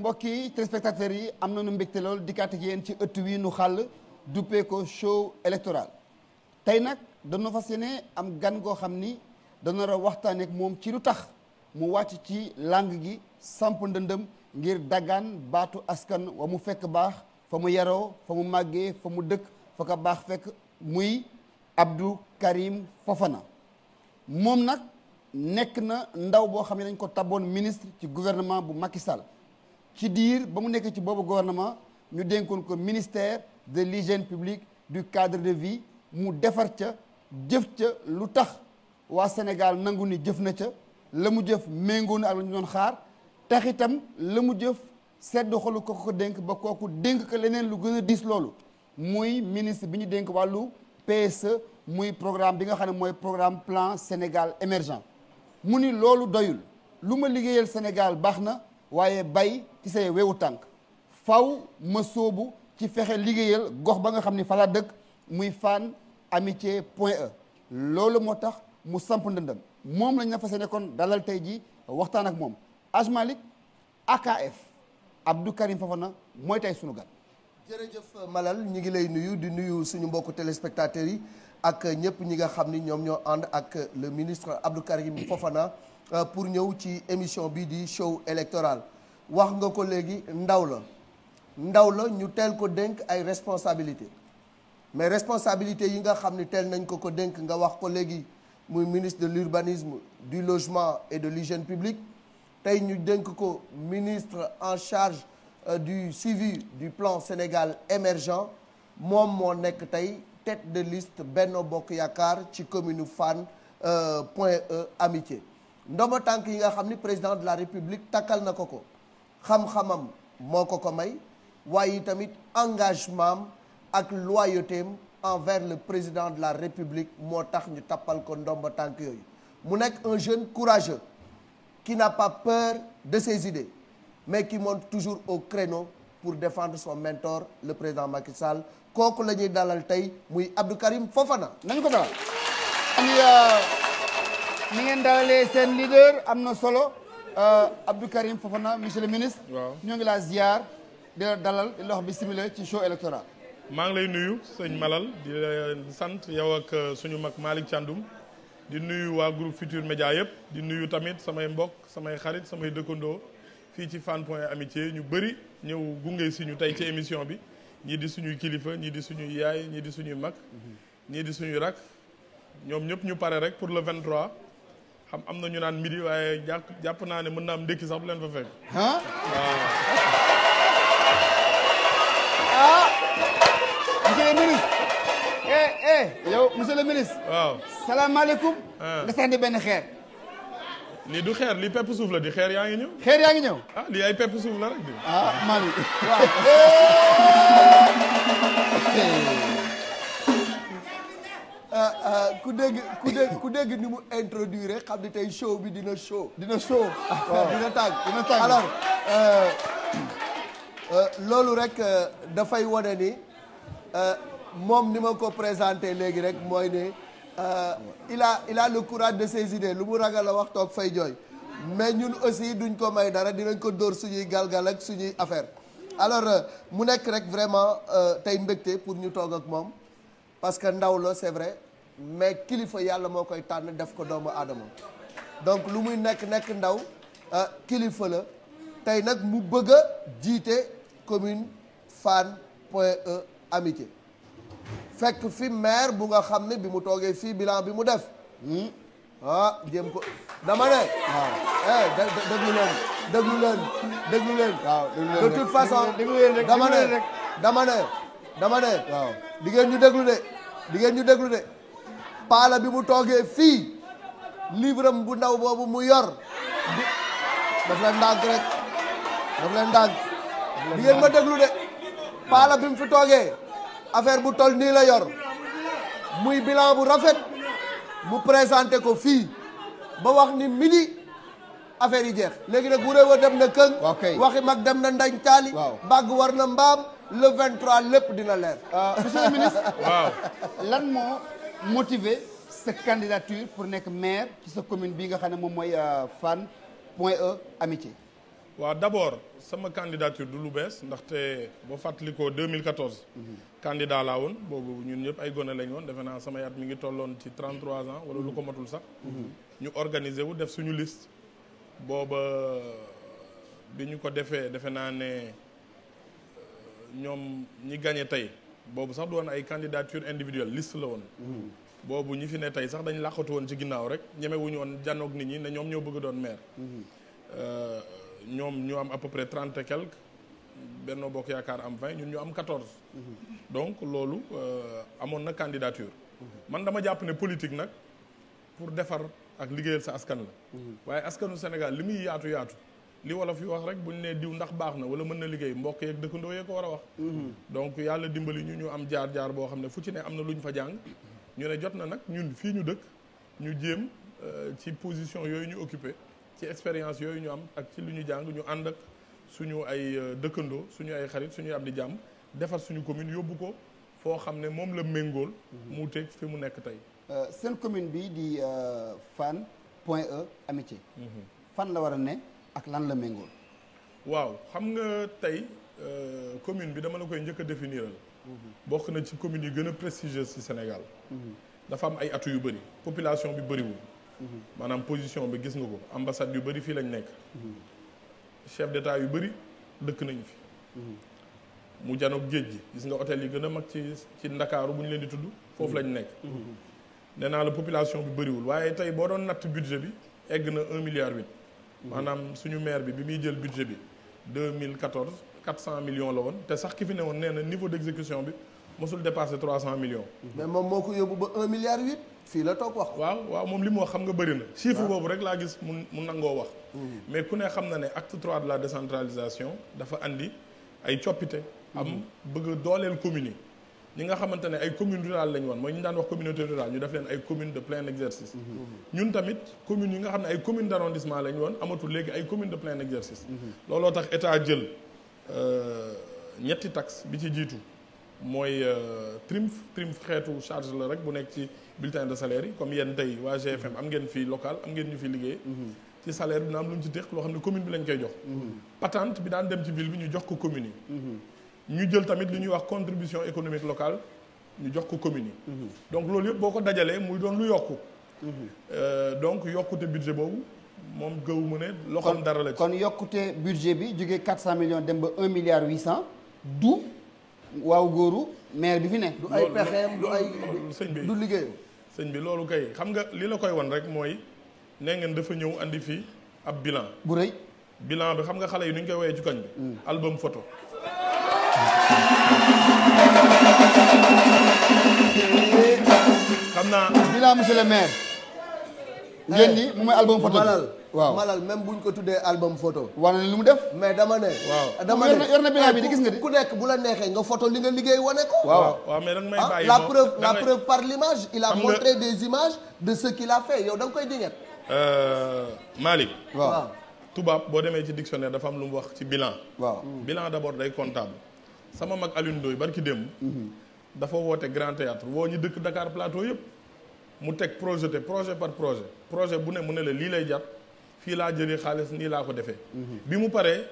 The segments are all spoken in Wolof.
mbokk yi téléspectateurs yi am nañu mbégte lool dikkaat ak yéen ci ëtt wii nu xàll duppee ko show électoral tey nag dañoo fas yéene am gan goo xam ni dana war a waxtaanee moom ci lu tax mu wàcc ci làng gi samp ndëndëm ngir daggan baatu askan wa mu fekk baax fa mu yaroo fa mu màggee fa mu dëkk fa ko baax fekk muy Abdou Karim Fofana moom nag nekk na ndaw boo xam ne dañ ko taboon ministre ci gouvernement bu Macky Sall ci diir ba mu nekk ci boobu gouvernement ñu dénkoon ko ministère de l'hygiène publique du cadre de vie mu defar ca jëf ca lu tax waa Sénégal nangu ni jëf na ca la mu jëf méngoo na ak la doon xaar tax itam la mu jëf sedd xolu ko ko dénk ba kooku dénk ko leneen lu gën a diis loolu muy ministre bi ñu dénk wàllu PSE muy programme bi nga xam ne mooy programme plan Sénégal émergent mu ni loolu doyul lu ma liggéeyal Sénégal baax na waaye bay ci say wewu tànk faw ma soobu ci fexe liggéeyal gox ba nga xam ni falaa dëkk muy Fann Amitié Point E loolu moo tax mu samp ndëndam moom lañ na fas yéene kon dalal tey ji waxtaan ak moom Hadj AKF Abdou Karim Fofana mooy tey sunu gan jërëjëf Malal ñu ngi lay nuyu di nuyu suñu mbokku téléspectateurs yi ak ñëpp ñi nga xam ni ñoom ñoo ànd ak le ministre Abdou Karim Fofana euh, pour ñëw ci émission bii di show électoral wax nga ko léegi ndaw la ndaw la ñu teel ko dénk ay responsabilité mais responsabilité yi nga xam ni teel nañ ko ko dénk nga wax ko léegi muy ministre de l'urbanisme du logement et de l'hygiène publique tey ñu dénk ko ministre en charge euh, du suivi du plan Sénégal émergent moom moo nekk tey tête de liste Benno Bokk Yaakaar ci commune Fann euh, Point E Amitié ndomo tànk yi nga xam ni président de la République takkal na ko ko xam-xamam moo ko ko may waaye tamit engagement am ak loyauté am envers le président de la république moo tax ñu tappal ko ndomba tànk yooyu mu nekk un jeune courageux qui n'a pas peur de ses idées mais qui monte toujours au créneau pour défendre son mentor le président Macky Sall kooku la ñuy dalal tey muy Abdou Karim Fofana nañu ko dalal euh, ni ngeen dalalee seen leader am na solo Euh, Abdou Karim Fofana monsieur le ministre. waaw ñoo ngi laa ziar di la dalal di la wax bisimilah ci show électoral. maa ngi lay nuyu sëñ Malal di la sant yow ak euh, suñu mag Malick Thiandoum di nuyu waa groupe Futur Média yëpp di nuyu tamit samay mbokk samay xarit samay dëkkandoo fii ci Fann Point Amitié ñu bëri ñëw gunge si ñu tey ci émission bi ñii di suñuy kilifa ñii di suñuy yaay ñii di suñuy mag ñii di suñuy rak ñoom ñëpp ñu pare rek pour le 23. am na ñu naan midi waaye jàpp jàpp naa ne mën naa am ndékki sax bu leen fa fekk. ah waaw. monsieur ministre. eh eh yow monsieur le ministre. waaw salaamaaleykum. Ah. nga sànni benn xeer. lii du xeer lii pepp suuf la di xeer yaa ngi ñëw. xeer yaa ngi ñëw. ah lii ay pepp suuf la rek di. ah Malick waaw. Eh. Euh, euh, ku dégg ku dégg dégg ni mu introduire xam ni tey show bi dina show. dina show ah, ah. dina tàng dina tàng alors euh, loolu rek dafay wane ni moom ni ma ko présenté léegi rek mooy ne il a il a le courage de lu mu ragal a wax toog fay jooy mais ñun aussi duñ ko may dara dinañ ko dóor suñuy galgal ak suñuy affaire alors mu nekk rek vraiment tey mbégte pour ñu toog ak moom. parce que ndaw la c'est vrai mais kilifa yàlla moo koy tànn def ko doomu aadama donc lu muy nekk nekk ndaw ah, kilifa la tey nag mu bëgg a jiite commune Fann Point E Amitié fekk fi maire bu nga xam ne bi mu toogee fii bilan bi mu def hmm? ah jéem ko dama ne waaw eh, déglu leen déglu leen déglu leen de toute façon dama ne dama ne dama ne waaw ngeen ñu déglu de di ngeen ñu déglu de paala bi mu toogee fii livre am bu ndaw boobu mu yor daf la ndànk rek daf leen ndànk di ngeen ma déglu de paala bi mu fi toogee affaire bu tol nii la yor muy bilan bu rafet mu présenté ko fii ba wax ni midi affaire yi jeex léegi nag bu réew a dem na këng waxi mag dem na ndañ taali bàgg war na mbaam le 23 lépp dina leer. Euh, monsieur ministre. waaw lan moo motiver sa candidature pour nekk maire ci sa commune bi nga xam ne moom mooy euh, Fann Point E Amitié. waaw d'abord sama candidature du lu bees ndaxte boo fàttalikoo 2014. Mhm. candidat laa woon boobu ñun ñëpp ay gone lañ woon defe naa sama at mi ngi tolloon ci 33 ans wala lu ko matul sax. Mhm. ñu organiser wu def suñu liste. booba bi ñu ko defee defe naa ne. ñoom ñi gagné tey boobu sax du woon ay candidature individuelle liste la woon. Mm-hmm. boobu ñi fi ne tey sax dañ làqatu woon ci ginnaaw rek ñemewuñu woon janoog nit ñi ne ñoom ñoo bëgg doon maire. Mm-hmm. Euh, ñoom ñu am à peu près trente et quelque Benno Bokk Yaakaar am vingt ñun ñu am quatorze. Mm-hmm. donc loolu euh, amoon na candidature. man dama jàpp ne politique nag pour defar ak liggéeyal sa askan la. waaye askanu Sénégal li muy yaatu yaatu. li wolof yi wax rek bu ñu nee diw ndax baax na wala mën na liggéey mbokk yeeg dëkkandoo yee ko war a wax mhm. donc yàlla dimbali ñu ñu am jaar-jaar boo xam ne fu ci ne am na lu ñu fa jàng ñu ne jot na nag ñun fii ñu dëkk ñu jéem euh, ci position yooyu ñu occupé ci expérience yooyu ñu ak ci lu ñu jàng ñu ànd ak suñu ay euh, dëkkandoo suñu ay xarit suñu am di jàmm defar suñu commune yóbbu ko foo xam ne moom la méngool mhm. mu teg fi mu nekk tey euh, seen commune bi di fan Point E Amitié mhm. fan la war a ne ak lan la méngool waaw xam nga tey euh, commune bi dama la koy njëkk a définiral bokk na ci commune yi gën a prestigieuse ci Sénégal dafa am ay atu yu bëri population bi bëriwul maanaam position bi gis nga ko ambassade yu bëri fii lañ nekk chef d'état yu bëri dëkk nañu fi mu janoog géej gi gis nga hôtel yi gën a mag ci ci ndakaaru bu ñu leen di tudd foofu lañ nekk mhm. nee naa la population bi bëriwul waaye tey boo doon natt budget bi egg na un milliard huit maanaam suñu maire bi bi muy jël budget bi mille 2014 400 millions la woon te sax ki fi ne woon nee na niveau d' exécution bi mosul dépassé 300 millions. Mm-hmm. mais moom moo ko yóbbu ba 1 milliard 8 fii la toog wax. waaw waaw moom li mu wax xam nga bëri na. chiffre ah. boobu rek laa gis mu mu nangoo wax. Mm-hmm. mais ku ne xam na ne acte 3 de la décentralisation dafa indi ay coppite. am mm-hmm. bëgg a dooleel communes yi. ñi nga xamante ne ay commune rural lañ woon mooy ñu daan wax communauté rurale ñu def leen ay commune de plein exercice mhm. ñun tamit commune yi nga xam ne ay commune d' arrondissement lañ woon amatul léegi ay commune de plein exercice mhm. looloo tax état jël euh, ñetti taxe bi ci jiitu mooy trimf euh, trimf xeetu charge la rek bu nekk ci bulletin de salaire comme yéen tey waa GFM am ngeen fii local am ngeen ñu fi liggéey mhm. ci salaire bi na am lu ñu ci déq loo xam ne commune bi lañ koy jox patente bi daan dem ci ville bi ñu jox ko commune yi ñu jël tamit li ñuy wax contribution économique locale ñu jox ko commune mhm. donc loolu yëpp boo ko dajalee muy doon lu yokku mhm. euh, donc yokkute budget boobu moom gëw mu ne loxoom dara la kon yokkute budget bi jógee cent millions dem ba un milliard 800 du waaw góoru maire bi fi ne du ay pexeem du ay sëñ bi du liggéeyu sëñ bi loolu kay xam nga li la koy wan rek mooy nee ngeen dafa ñëw indi fi ab bilan bu rëy bilan bi xam nga xale yi nu ñu koy woyee ci koñ bi mm. album photo xam naa. bilaa monsieur le maire. ngeen di mu may album photo malal waaw malal même buñ ko tuddee album photo. wane na lu mu def. mais dama ne. waaw dama yor na bilaa bi di gis nga di. ku nekk bu la neexee nga photo li nga liggéey wane ko. waaw waaw mais may ah, bàyyi la la preuve par l'image il a montré des images de ce qu'il a fait yow da nga koy dinget. Euh, Malick. waaw tubaab boo demee ci dictionnaire dafa am lu mu wax ci bilan. waaw bilan d'abord day comptable. sama mag Alioune Ndoye barki démb dafa woote grand théâtre woo ñu dëkk Dakar Plateau yëpp mu teg projeté projet par projet projet bu ne mu ne la lii lay jàpp fii laa jëlee xaalis nii laa ko defee bi mu paree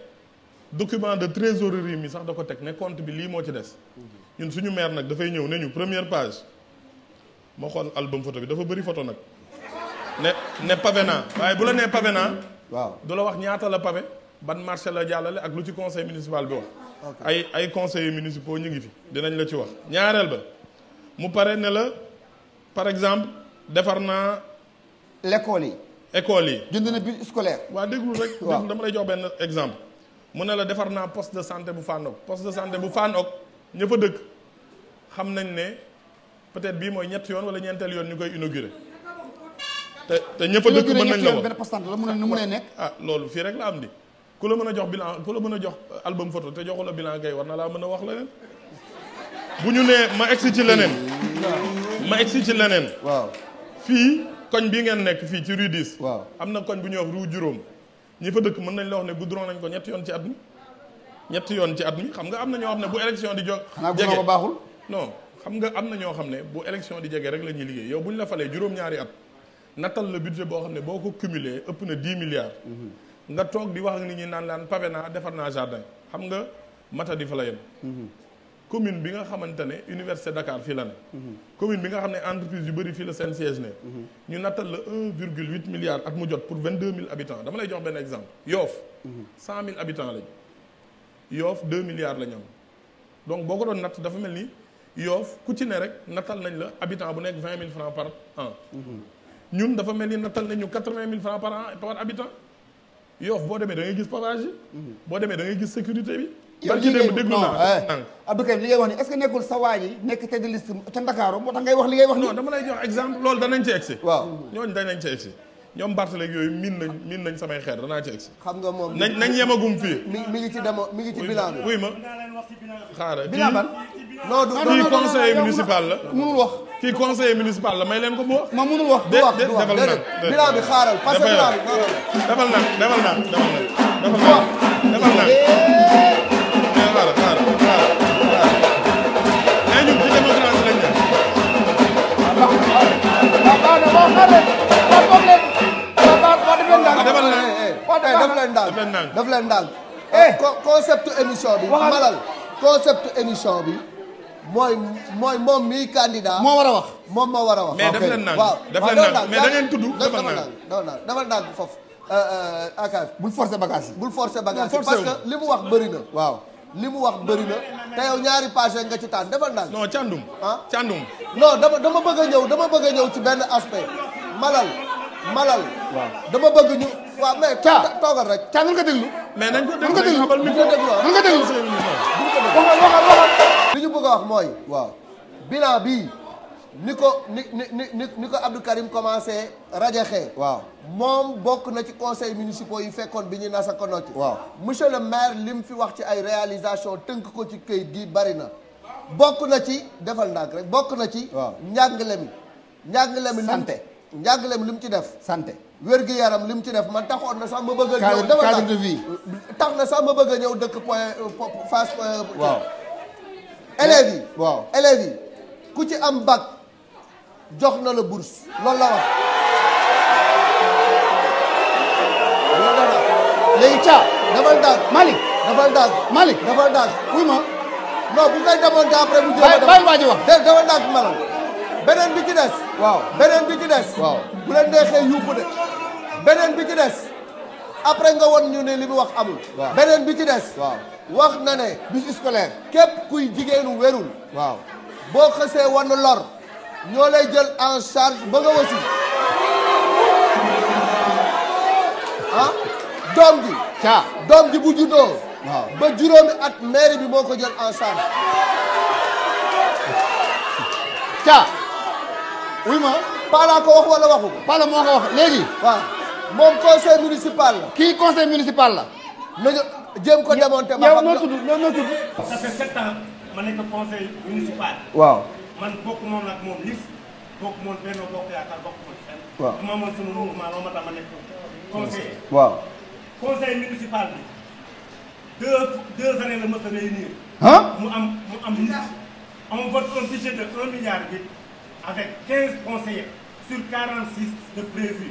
document de trésorerie mi sax da ko teg ne compte bi lii moo ci des ñun suñu maire nag dafay ñëw ne ñu première page ma xool album photo bi dafa bëri photo nag ne ne pavé naa waaye bu la nee pavé naa waaw du la wax ñaata la pavé ban marché la jàllale ak lu ci conseil municipal bi wax. ay ay conseillers municipaux ñu ngi fi dinañ la ci wax. ñaareel ba mu pare ne la par exemple defar naa. l'école yi. école yi jënd na bi scolaire. waa déglu rek. dama lay jox benn exemple. mu ne la defar naa poste de santé bu Fann ok poste de santé bu Fann ok ña dëkk xam nañ ne peut-être bii mooy ñett yoon wala ñeenteel yoon ñu koy inauguré. te te ña fa dëkk mën nañ la wax inauguré ñett yoon benn poste la mu ah, loolu fii rek am di. ku la mën a jox bilan ku mën a jox album photo te joxu la bilan kay war na laa mën a wax leneen bu ñu nee ma egsi ci leneen ma egsi ci leneen waaw fii koñ bi ngeen nekk fii ci rue waaw am na koñ bu ñuy wax rue juróom ñi fa dëkk mën nañ la wax ne goudron nañ ko ñetti yoon ci at mi ñetti yoon ci at mi xam nga am na ñoo xam ne bu élection di jóg jege ko baaxul non xam nga am na ñoo xam ne bu élection di jege rek la ñuy liggéey yow bu ñu la falee juróom-ñaari at nattal la budget boo xam ne boo ko cumulé ëpp na 10 milliards mhm. nga toog di wax ak nit ñi naan laan pabe naa defar naa jardin xam nga matadi fa la yem mhm. commune bi nga xamante ne université Dakar fii la ne mhm. commune bi nga xam ne entreprise yu bëri fii la seen siège ne mhm. ñu nattal la un virgule huit milliards at mu jot pour vingt deux mille habitants dama lay jox benn exemple Yoff cent mille habitants lañ Yoff deux milliards la ñu am donc boo ko doon natt dafa mel ni Yoff ku ci ne rek nattal nañ la habitant bu nekk vingt mille francs par an ñun dafa mel ni nattal nañ ñu yoof boo demee da ngay gis pavage yi mhm. boo demee da ngay gis sécurité bi yow ci démb déglu naa eh, Abdou Karim li ngay wax ni est-ce que nekkul sa waa ji nekk tête de liste ca Ndakaaru moo tax ngay wax li ngay wax ni non dama lay jox exemple loolu danañ ci egsi waaw ñooñu yooyu miin nañ miin nañ samay xeer danaa ci egsi xam nga moom nañ nañ yemagum fii mi ngi ci demo mi ngi ci bilan bi oui ma xaaral bilan ban conseil municipal la mënul wax kii conseiller municipal la may leen ko mu wax. ma mënul wax du wax du wax déedéet bilan bi xaaral parce que bilan bi. defal nag defal nag defal nag defal nag defal nag. xaaral xaaral xaaral. mais ñun ci démocratie lañ ne. waaw baax na boo xoolee. waaw foog leen. waaw baax wax daf leen daal. defal leen waaw tey daf leen daal daf leen daal. daf leen daal. concept émission bi. waxal malal concept émission bi. mooy mooy moom mii candidat. moo war a wax moom moo war a wax. mais daf leen naan daf leen naan mais da ngeen tudd. dafa naan dafa naan dafa naan foofu. Euh, euh, Akash bul forcer bagage yi. bul forcer bagage yi parce que li mu wax bëri na. waaw li mu wax bëri na te yow ñaari page nga ci tànn defal naan. non càndum. ah càndum. non dama dama bëgg a ñëw dama bëgg a ñëw ci benn aspect malal malal. waaw dama bëgg ñu. waaw mais toogal rek. caa nga ko déglu. mais nañ ko déglu nañ ko déglu nañ ko déglu. li ñu bëgg a wax mooy waaw bilan bii ni ko ni ni ni ni ko Abdou Karim commencé rajaxe waaw moom bokk na ci conseil municipal yi fekkoon bi ñuy nasa ko noti waaw monsieur le maire li mu fi wax ci ay réalisation tënk ko ci këyit gi bari na bokk na ci defal ndànk rek bokk na ci waaw njàngale mi njàngale mi santé njàngale mi li mu ci def santé wér-gi-yaram li mu ci def man taxoon na sax ma bëgg ñëw cadre de vie tax na sax ma bëgg a ñëw dëkk point face waaw élèves yi waaw élèves yi ku ci am bac jox na la bourse loolu la wax léegi caa dafal daal Malick dafal daal Malick dafal daal oui ma non bu koy demoon daa après bu jëlee bàyyi waa ji wax def dafal daal beneen bi ci des waaw beneen bi ci des waaw bu leen neexee yuuxu de beneen bi ci des après nga won ñu ne li mu wax amul. beneen bi ci des. waaw wax na ne. bus scolaire. képp kuy jigéenu wérul. waaw boo xësee wan ñoo lay jël en charge ba nga wasi. ah doom ji. caa doom ji bu juddoo. waaw ba juróomi at mairie bi moo ko jël en charge. caa. wuy ma. Pala wax wala waxu ko. Pala moo wax léegi. waaw. moom conseil municipal la. kii conseil municipal la. na nga jéem ko démonté. ma xam yow noo tudd noo tudd. ma nekk conseil municipal. waaw man bokk moom nag moom liste bokk moom benn bokk yaakaar bokk ko fenn. waaw ma moom sunu mouvement loo ma tax ma nekk conseil. waaw conseil municipal bi deux deux la mës a réunir. ah mu am mu am liste. on vote un budget de un milliard huit avec quinze sur quarante six de prévus.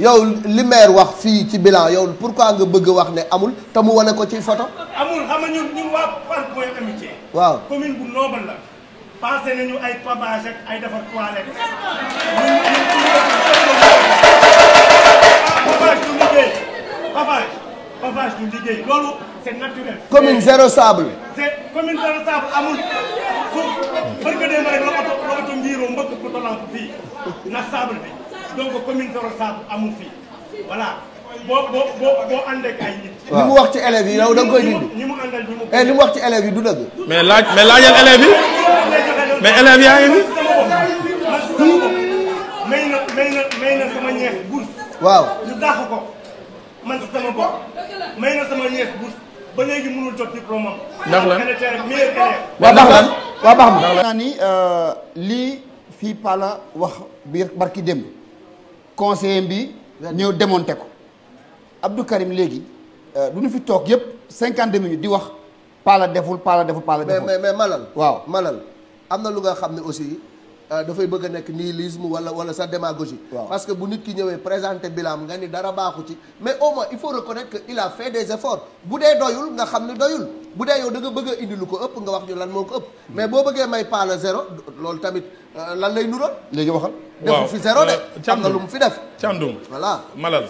yow li maire wax fii ci bilan yow pourquoi nga bëgg wax ne amul te mu wane ko ci foto amul xam nga ñun ñun waa Fann waaw commune bu noble nañu ay pavage ak ay defar toilette. pavage du liggéey pavage pavage du liggéey loolu commune zéro sable. commune zéro sable amul fu barke dem rek la oto la oto mbëkk ku tolant fii na sable bi. donc commune Kër Saabu amul fii voilà boo boo boo boo ànd ak ay nit. waaw li mu wax ci élèves yi yow da nga koy dindi. ñi mu àndal bi mu eh li mu wax ci élèves yi du dëgg. mais laaj mais laajal élèves yi mais élèves yaa ngi fi. may na may na may na sama ñeex bourse. waaw ñu dàq ko man si sama bopp may na sama ñeex bourse ba léegi mënul jot diplôme am. ndax lan waaw baax lan waaw baax na. naa ni euh, lii fii Palla wax biir barki démb. conseiller bi ñëw démonté ko Abdou Karim léegi euh, du ñu fi toog yëpp cinquante minutes di wax paala deful paala deful paala deful mais mais mais malal waaw malal am na lu nga xam ne aussi Euh, dafay bëgg a nekk nihilisme wala wala sa démagogie parce que bu nit ki ñëwee présenté bilam nga ni dara baaxu ci mais au moins il faut reconnaître que il a fait des efforts bu dee doyul nga xam ne doyul bu dee yow da nga bëgg indilu ko ëpp nga wax ñu lan moo ko ëpp hmm. mais boo bëggee may paala zéro loolu tamit euh, lan lay nuroon léegi waxal defu fi zéro de euh, am na mu fi def càndum voilà malal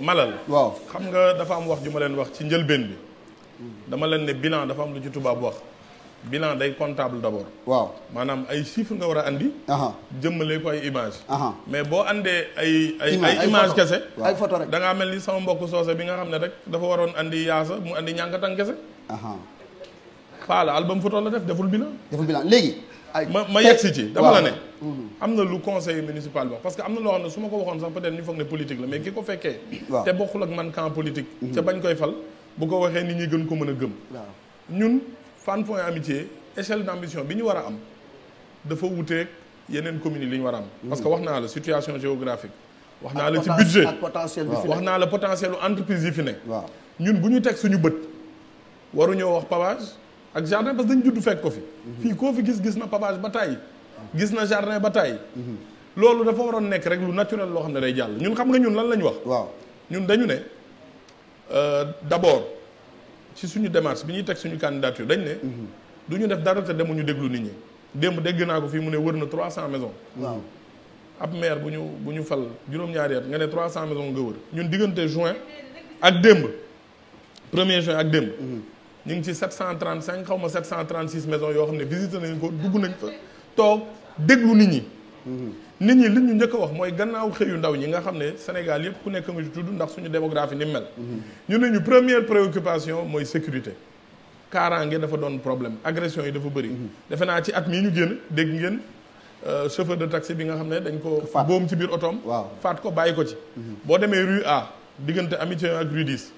malal waaw xam nga dafa am wax ju ma leen wax ci njëlbeen bi dama leen ne bilan dafa am lu ci tubaab bilan day comptable d'abord. waaw maanaam ay chiffres nga war a andi. jëmmale ko ay image mais boo andee ay ay ay image kese. ay photo rek mel ni sama mbokk soose bi nga xam ne rek dafa waroon andi yaasa mu andi ñànkatan kese. faa la album photo la def deful bilan. deful bilan léegi. ma ma yegsi ci dama la ne. Mhm. am na lu conseil municipal bi parce que am na loo xam ne su ma ko waxoon sax peut-être ñu foog ne politique la mais ki ko fekkee. te bokkul ak man camp politique. Mhm. ca bañ koy fal bu ko waxee nit ñi gën ko mën a gëm. ñun. Fann Point Amitié échelle d' bi ñu war a am dafa wuteeg yeneen communes yi li ñu war a am. Mmh. parce que wax naa la situation géographique. wax naa la ci budget ak potentiel bi fi wax naa la potentiel entreprise yi fi nekk. waaw ñun bu ñu teg suñu bët waru waruñoo wax pavage ak jardin parce que dañu judd fekk ko fi. Mmh. fii koo fi gis gis na pavage ba tàyyi mmh. gis na jardin ba tàyyi loolu dafa waroon nekk rek lu naturel loo xam ne day jàll ñun xam nga ñun lan la ñu wax. waaw ñun dañu ne euh, d' abord. ci suñu démarche bi ñuy teg suñu candidature dañ ne. Mhm. du ñu def dara te ñu déglu nit ñi. démb dégg naa ko fii mu ne wër na 300 maisons. waaw ab maire bu ñu bu ñu fal juróom-ñaari at nga ne 300 maisons nga wër. ñun diggante juin ak démb premier juin ak démb. Mhm. ñu ngi ci 735 xaw ma 736 maisons yoo xam ne visité nañ ko dugg nañ fa toog déglu nit ñi. Mhm. nit ñi li ñu njëkk a wax mooy gannaaw xëyu ndaw ñi nga xam ne Sénégal yëpp ku nekk nga ci tudd ndax suñu démographie ni mel. Mm-hmm. ñu ne ñu première préoccupation mooy sécurité. kaaraange dafa doon problème agression yi dafa bëri. Mm-hmm. defe naa ci at mii ñu génn dégg ngeen euh, chauffeur de taxi bi nga xam ne dañ ko boom ci biir otoom. waaw faat ko bàyyi ko ci. Mm-hmm. boo demee rue A diggante Amitié ak rue 10.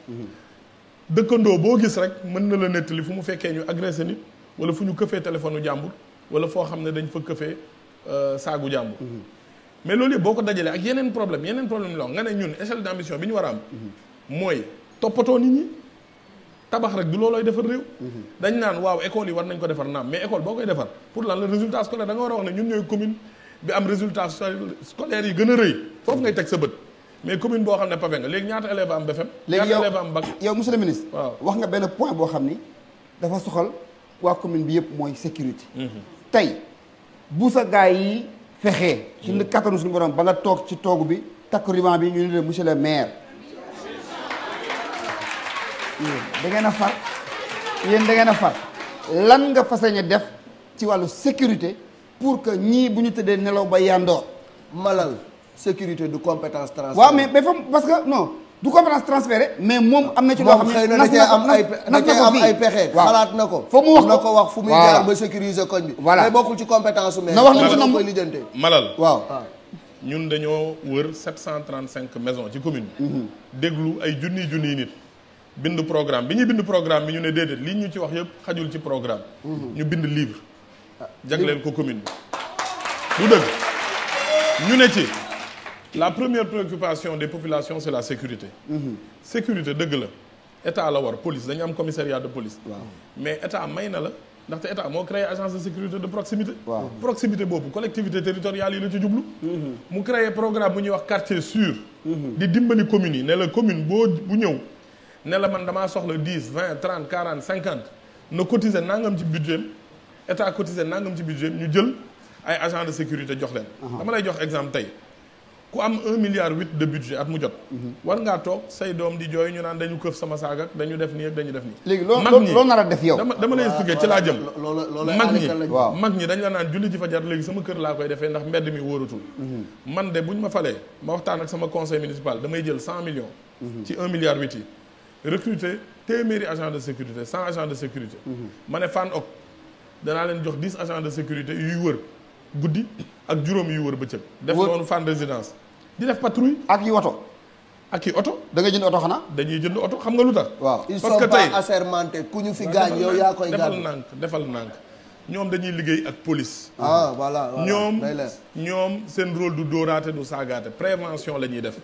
dëkkandoo boo gis rek mën na la nettali fu mu fekkee ñu agressé nit wala fu ñu këfee téléphone jàmbur wala foo xam ne dañ fa këfee euh, saagu jàmbur. mais loolu yëpp boo ko dajalee ak yeneen problème yeneen problème la nga ne ñun échelle d'ambition bi ñu war a am mooy toppatoo ni ñi tabax rek du loolooy defar réew dañ naan waaw école yi war nañ ko defar naam mais école boo koy defar pour lan la résultat scolaire da war a wax ne ñun ñooy commune bi am résultat scolaire yi gën a rëy foofu ngay teg sa bët mais commune boo xam ne pafe nga léegi ñaata élève am BFEM ñaata élève am bac nga benn point boo xam ni dafa soxal waa commune bi yëpp mooy sécurité mhm. tey bu sa gaay fexe ci li kattanu suñu borom ba nga toog ci toogu bi takk ruban bi ñu ne la monsieur le maire da ngeen a far yéen da ngeen a far lan nga fas yéene def ci wàllu sécurité pour que ñii bu ñu tëddee nelaw ba yandoor malal sécurité du compétence transfert waaw mais mais parce que non du compétence transférée mais moom am na ci loo xam ne nas na ko nas na ko am ay pexe xalaat na ko. foofu wax na ko wax fu muy jaar ba sécuriser koñ bi. voilà mais bokkul ci compétence su mel. na wax na ci nam koy lijjante malal waaw. ñun dañoo wër 735 maisons ci commune mhm. déglu ay junniy junniy nit. bind programme bi ñuy bind programme bi ñu ne déedéet li ñu ci wax yëpp xajul ci programme. Mhm. ñu bind livre. Ah, jagleel ko commune bi. du ñu ne ci. la première préoccupation des populations c'est la sécurité. Mhm. sécurité dëgg la état la war police dañu am commissariat de police. mais état may na la ndaxte état moo créé agence de sécurité de proximité. proximité boobu collectivité territoriale yi la ci jublu. Mhm. mu créer programme bu ñuy wax quartier sûr. Mhm. di dimbali communes yi ne la commune boo bu ñëw ne la man damaa soxla dix vingt trente quarante cinquante na cotiser nangam ci budget état cotiser nangam ci budget ñu jël ay agents de sécurité jox leen. dama lay jox exemple tey. ku am un milliard huit de budget at mu jot. Mhm. war ngaa toog say doom di jooy ñu naan dañu këf sama saag ak dañu def nii ak dañu def nii. léegi loo loo nar a def yow. dama dama lay expliquer ci laa jëm. mag ñi mag ñi dañ la naan julli ji fajar léegi sama kër laa koy defee ndax mbedd mi wóoratul. Mhm. man de buñ ma falee ma waxtaan ak sama conseil municipal damay jël cent millions. Mhm. ci un milliard huit yi. recruter téeméeri agent de sécurité cent agent de sécurité. ma ne fan ok danaa leen jox dis agent de sécurité yuy wër guddi ak juróom yuy wër bëccëg. def noonu fan résidence. di def patrouille. ak yi oto. ak i oto. da nga jënd oto xanaa. dañuy jënd oto xam nga lu tax. waaw ils sont pas assermentés ku ñu fi gaañ yow yaa koy gaañ defal nànk defal nànk ñoom dañuy liggéey ak police. ah voilà ñoom ñoom seen rôle du dóoraate du saagaate prévention la ñuy def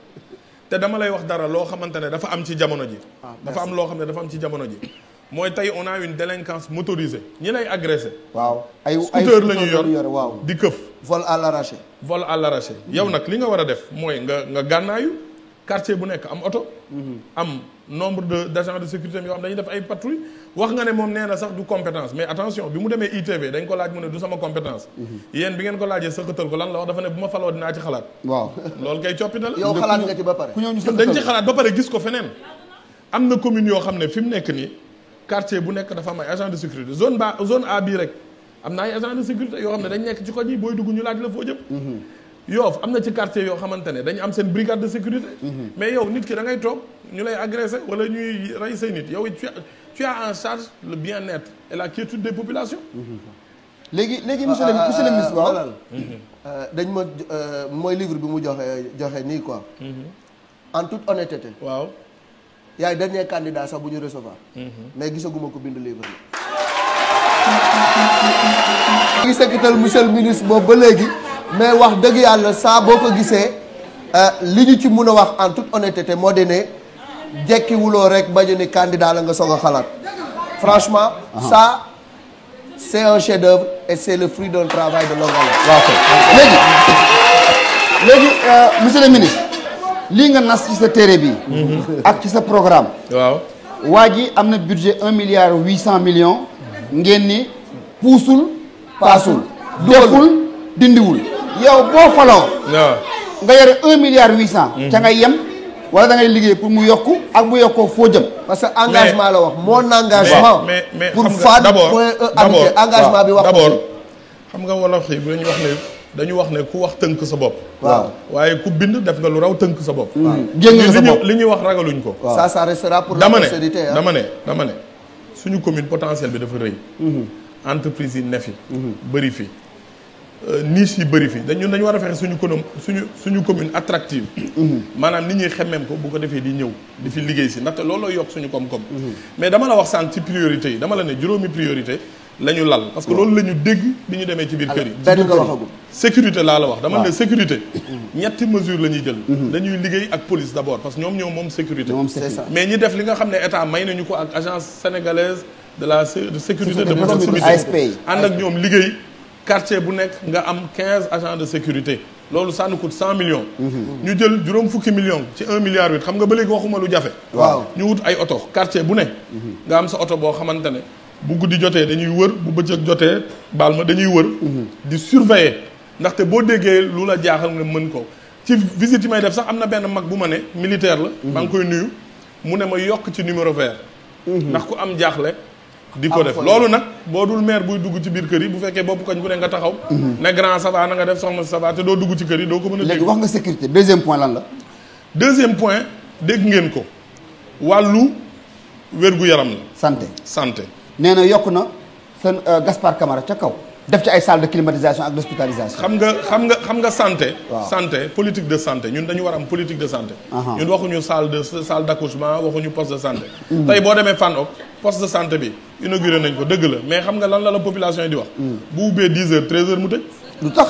te dama lay wax dara loo xamante ne dafa am ci jamono ji. Ah, dafa am loo xam ne dafa am ci jamono ji. mooy tey on a une délinquance motorisée ñi lay agressé. waaw ay ay scooter la ñu yor waaw di këf. vol à l'arraché. vol à l'arraché yow nag li nga war a def mooy nga nga gànnaayu quartier bu nekk am oto. Mm-hmm. am nombre de d' agents de sécurité yoo xam dañuy def ay patrouille wax nga ne moom nee na sax du compétence mais attention bi mu demee ITV dañ ko laaj mu ne du sama compétence. Mm-hmm. yéen bi ngeen ko laajee sëkkatal ko lan la wax dafa ne bu ma faloo dinaa ci xalaat. waaw loolu ba pare. ku ñëw ñu dañ xalaat ba pare gis ko feneen. am na commune yoo xam ne fi mu nekk nii. quartier bu nekk dafa am agent de sécurité zone ba zone A bii rek am na ay agent de sécurité yoo xam ne dañ nekk ci ko yi booy dugg ñu laaj la foo jëm mhm. yoof am na ci quartier yoo xamante ne dañu am seen brigade de sécurité mhm. mais yow nit ki da ngay toog ñu lay agressé wala ñuy rey say nit yow tu as en charge le bien-être et la quiétude de populations mhm. léegi léegi monsieur le monsieur le ministre waaw euh, dañ ma euh, mooy livre bi mu joxe joxe nii quoi en toute honnêteté waaw yaay dernier candidat sax bu ñu recevoir. Mhm. mais gisaguma ko bindu livre bi. ngi sekkital ministre boobu ba léegi mais wax dëgg yàlla saa boo ko gisee euh, li ñu ci mun a wax en toute honnêteté moo di ne jekki wuloo rek bañu ni candidat la nga soog a xalaat franchement. ça c' est un chef d' et c' est le fruit d'un travail de longue haleine. waaw léegi léegi euh, monsieur le ministre. lii nga nas ci sa téere bi mhm. ak ci sa programme waaw waa ji am na budget un milliard huit cent millions ngeen ni puusul paasul deful dindiwul yow boo faloo nga yore milliard huit cent mhm. ca ngay yem wala da ngay liggéey pour mu yokk ak mu yokkoo foo jëm parce que engagement la wax mon engagement pour Fane point e engagement bi wax d'abord xam nga wolof yi bu ñu wax ne dañu wax ne ku wax tënk sa bopp. waaw waaye ku bind def nga lu raw tënk sa bopp. Hmm. génn sa li ñuy wax ragaluñ ko. ça ça restera pour la postérité dama ne dama ne suñu commune potentiel bi dafa rëy. Hmm. entreprise yi ne fi. Hmm. bëri fi euh, niche yi bëri fi dañu dañu war a fexe suñu konom suñu suñu commune attractive. maanaam nit ñuy xemmeem ko bu ko defee di ñëw di fi liggéey si ndaxte looloo yokk suñu koom-koom. mais dama la wax sànq ci priorité yi dama la ne juróomi priorité. la ñu lal parce que loolu la ñu dégg bi ñu demee ci biir kër yi benn nga waxagul sécurité laa la wax dama ne sécurité mm-hmm. ñetti mesure la ñuy jël mm-hmm. dañuy liggéey ak police d'abord parce que ñoom ñoo moom sécurité mais ñi def li nga xam ne état may nañu ko ak agence sénégalaise de la de sécurité de proximité ànd ak ñoom liggéey quartier bu nekk nga am 15 agents de sécurité loolu sànni nous cent million mm-hmm. ñu jël juróom fukki million ci 1 milliard 8 xam nga ba léegi waxuma lu jafe. waaw ñu wut ay oto quartier bu ne. nga am sa oto boo xamante ne bu guddi jotee dañuy wër bu bëccëg jotee baal ma dañuy wër. Mhm. di surveiller ndaxte boo déggee lu la jaaxal nga mën ko. ci visite yi may def sax am na benn mag bu ma ne militaire la. Mhm. maa ngi koy nuyu mu ne ma yokk ci numéro vert. Mhm. ndax ku am jaaxle. di ko def loolu nag boo dul meer buy dugg ci biir kër yi bu fekkee bopp koñ bu ne nga taxaw. ne grand ça nanga na nga def soxna ça te doo dugg ci kër yi doo ko mën a. léegi wax nga sécurité deuxième point lan la. deuxième point dégg ngeen ko wàllu wér gu yaram la. santé nee na yokk na seen euh, Gaspard Camara ca kaw def ci ay salle de climatisation ak d'hospitalisation. xam nga xam nga xam nga santé. santé politique de santé ñun dañu war am politique de santé. ñun waxuñu salle de salle d'accouchement waxuñu poste de santé. Mm. tey boo demee Fann ok poste de santé bi inauguré nañ ko dëgg la mais xam nga lan la la population yi di wax. Mm. bu ubbee 10 heures 13 heures mu tëj. lu tax.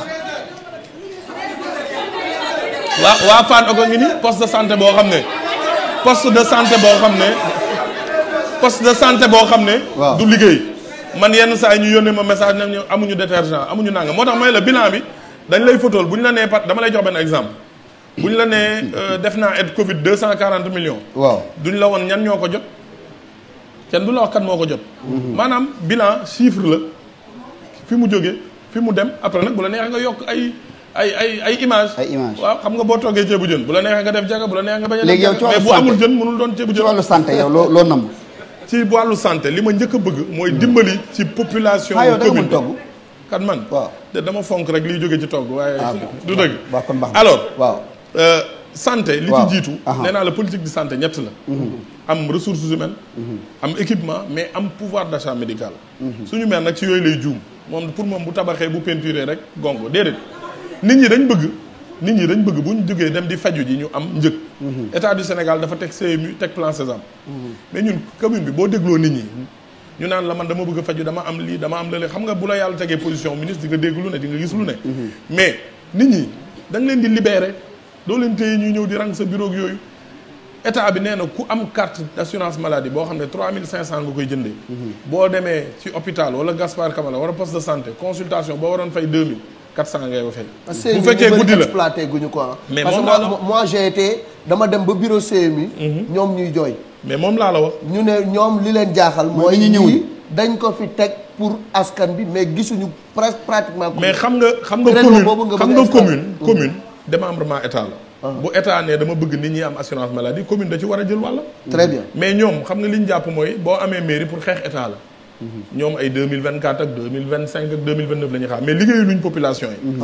waa waa Fann ok ngi ni poste de santé boo xam ne poste de santé boo xam ne. poste de santé boo xam ne. du liggéey. man yenn saa yi ñu yónnee ma message ne ñu amuñu détergent amuñu nangam moo tax may la bilan bi dañ lay fotool bu ñu la nee pat dama lay jox benn exemple. bu ñu la nee euh, def naa aide Covid 240 millions. waaw duñ la woon ñan ñoo ko jot. kenn du la wax kan moo ko jot. Mhm. maanaam bilan chiffre la fi mu jógee fi mu dem après nag bu la neexee nga yokk ay. ay ay ay image ay image waaw xam nga boo toggee ceebu jën bu la neexee nga def jaga bu la neexee nga bañ a. léegi bu amul jën mënul doon ceebu jën. loo loo namm. ci wàllu santé li ma njëkk a bëgg. mooy dimbali ci population. commune bi togg. kat man waaw te dama fonk rek liy jóge ci togg waaye. Ah, du dëgg alors waaw. Euh, santé li ci jiitu. nee naa la politique de santé ñett la. Mhm. am ressources humaines. Mhm. am équipement mais am pouvoir d'achat médical. Mhm. suñu mel nag ci yooyu lay juum moom pour moom bu tabaxee bu peinturé rek gongo déedéet nit ñi dañ bëgg. nit ñi dañ bëgg bu ñu jógee dem di faju ji ñu am njëg. Mhm. état du Sénégal dafa teg CMU teg plan Sésame. Mhm. mais ñun commune bi boo dégloo nit ñi. ñu naan la man dama bëgg a faju dama am lii dama am lële xam nga bu la yàlla tegee position ministre di nga dégg lu ne di nga gis lu ne. Mhm. mais nit ñi dañ leen di libéré doo leen téye ñuy ñëw di rang sa bureau yooyu. état bi nee na ku am carte d' assurance maladie boo xam ne cinq 3500 nga koy jëndee. boo demee ci hôpital wala Gaspard Camara wala poste de santé consultation boo waroon fay 2000. 400 ngay ba fay. bu fekkee guddi la exploité guñu quoi. mais moom laa la parce dama dem ba bureau CMU. Mhm. ñoom ñuy jooy. mais moom laa la wax. ñu ne ñoom li leen jaaxal. mooy ñëw yi dañ ko fi teg pour askan bi mais gisuñu presque pratiquement. mais xam nga xam nga commune xam nga commune mhm. commune démembrement état la. Ah. bu état ne dama bëgg nit ñi am assurance maladie commune da ci war a jël wàll. très bien mais ñoom xam nga li ñu jàpp mooy boo amee mairie pour xeex état la. ñoom ay deux mille vingt quatre ak deux mille vingt cinq ak deux mille vingt neuf la ñuy xaar mais liggéeyu luñ population yi.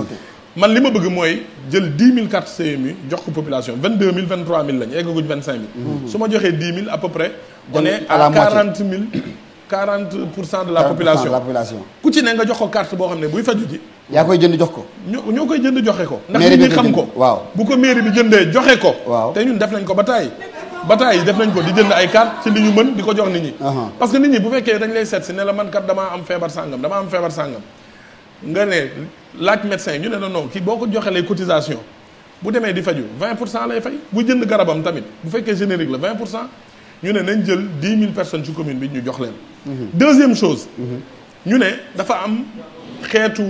man li ma bëgg mooy jël dix mille cartes CMU jox ko population vingt deux mille vingt trois mille lañ eggaguñ vingt cinq mille. Mhm. su ma joxee dix mille à peu près. on est quarante mille. quarante pour cent de la population ku ci ne nga jox ko carte boo xam ne buy faju ji yaa koy jënd jox ko ñoo ñoo koy jënd joxe ko ndax nit ñi xam ko waaw bu ko mairie bi jëndee ko waaw te ñun def nañ ko ba tàyyi bataay yi def nañ ko di jënd ay carte ci li ñu mën di ko jox nit ñi parce que nit ñi bu fekkee dañ lay seet si ne man kat damaa am feebar sàngam damaa am feebar sàngam nga ne laaj médecin ñu ne la non kii boo ko joxee lay cotisation bu demee di faju 20 pour cent lay fay bu jënd garabam tamit bu fekkee générique la 20 pour cent ñu ne nañ jël 10 000 personnes ci commune bi ñu jox mhm. deuxième chose mhm. ñu ne dafa am xeetu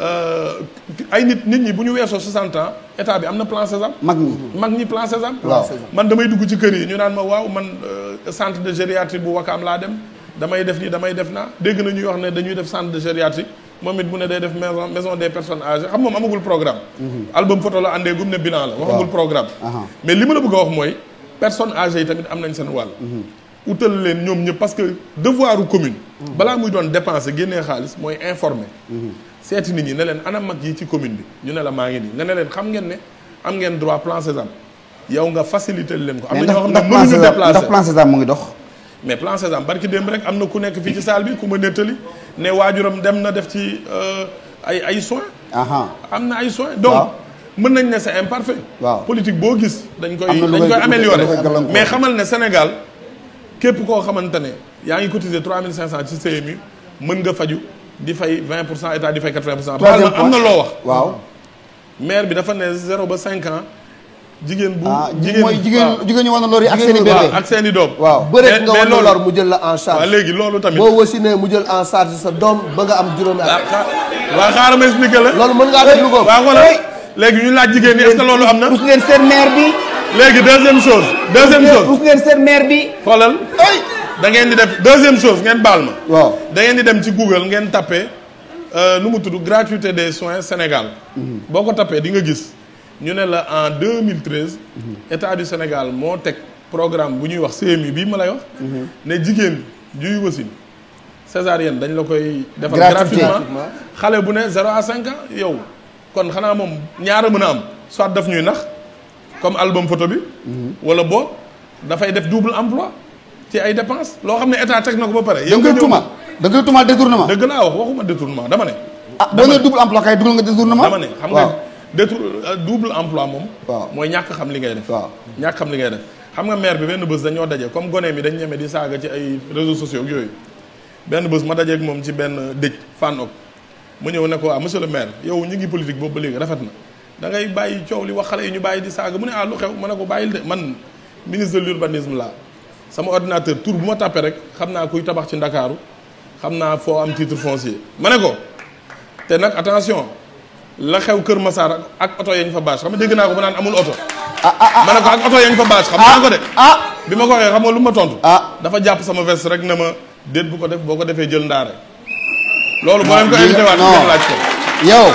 Euh, ay nit nit ñi bu ñu weesoo 60 ans état bi am na plan Sésame. mag ñi mag ñi plan Sésame. waaw man damay dugg ci kër yi ñu naan ma waaw man euh, centre de gériatrie bu Wakaam laa dem damay def nii damay def naa dégg na ñuy wax ne dañuy def centre de gériatrie moom it mu ne day def maison maison des personnes âgées xam moom amagul programme. Mm-hmm. album photo la andee gum ne bilan la. waxagul programme. mais li ma la bëgg a wax mooy personnes âgées yi tamit am nañ seen wàll. Mm-hmm. utal leen ñoom ñëpp parce que devoiru commune. Mm-hmm. balaa muy doon dépenser xaalis mooy informer. seeti nit ñi ne leen ana mag yi ci commune bi ñu ne la maa ngi nii nga ne leen xam ngeen ne am ngeen droit plan Sésame yow nga faciliter leen ko. am na ñoo xam ne mënuñu déplacer ngi dox. mais plan Sésame barki démb rek na ku nekk fii ci salle bi ku ma nettali ne waajuram dem na def ci euh, ay ay soins. am na ay soins donc. mën nañ ne c'est imparfait. waaw politique boo gis. dañ koy dañ koy améliorer mais xamal ne Sénégal képp koo xamante ne yaa ngi cotiser 3500 ci CMU mën nga faju di fay 20 pour cent état di fay 80 pour cent. am na loo wax. waaw maire bi dafa ne zéro ba cinq ans. jigéen bu ah, jigéen mooy jigéen jigéen ñi war na lor yi ak seen ak seen i doom waaw bëreet nga war na lor mu jël la en charge léegi loolu tamit boo wasinee mu jël en charge sa doom ba nga am juróomi at ah, waaw xaaral ma expliqué la loolu mën ngaa déglu ko waaw wala léegi jigéen ñi est-ce que loolu am na pousse ngeen seen maire bi léegi deuxième chose deuxième chose pousse ngeen seen maire bi xoolal da ngeen di def deuxième chose ngeen baal ma. waaw da ngeen di dem ci Google ngeen tapé euh, nu mu tudd gratuité des soins Sénégal. Mhm. boo ko tappee di nga gis ñu ne la en 2013. Mhm. état du Sénégal moo teg programme bu ñuy wax CMU bii ma la wax. Mhm. ne jigéen juy wasin césarienne dañ la koy. defal gratuitement xale bu ne 0 à cinq ans yow. kon xanaa moom ñaara mën a am soit daf ñuy nax comme album photo bi. wala boo dafay def double emploi ci ay dépense loo xam ne état teg na ko ba pare. yow nga tuuma da nga tuuma détournement. dëgg laa wax waxuma détournement dama ne. ah boo nee double emploi kay dugal nga détournement. dama ne xam nga détour euh, double emploi moom. waaw mooy ñàkk xam li ngay def. waaw ñàkk xam li ngay def. xam nga maire bi benn bés dañoo daje comme gone mi dañ ñeme di saaga ci ay réseaux sociaux yooyu benn bës ma dajeek moom ci benn dëj fànnoog mu ñëw ne ko ah monsieur le maire yow ñu ngi politique boobu ba léegi rafet na da ngay bàyyi coow li wax xale yi ñu bàyyi di saaga mu ne ah xew ma ne ko bàyyil de man ministre de sama ordinateur tour bu ma tàppee rek xam naa kuy tabax ci ndakaaru xam naa foo am titre foncier ma ne ko te nag attention la xew Kër Massar ak oto yañ fa bâche xam nga dégg naa ko ba naan amul oto ah, ah, ah, ma ne ko ak oto yañ fa bâche xam naa ko de bi ma ko waxee xam lu ma tontu dafa jàpp sama veste rek na ma déet bu ko def boo ko defee jël ndaare loolu boo leen ko invité waat ngeen laaj ko yow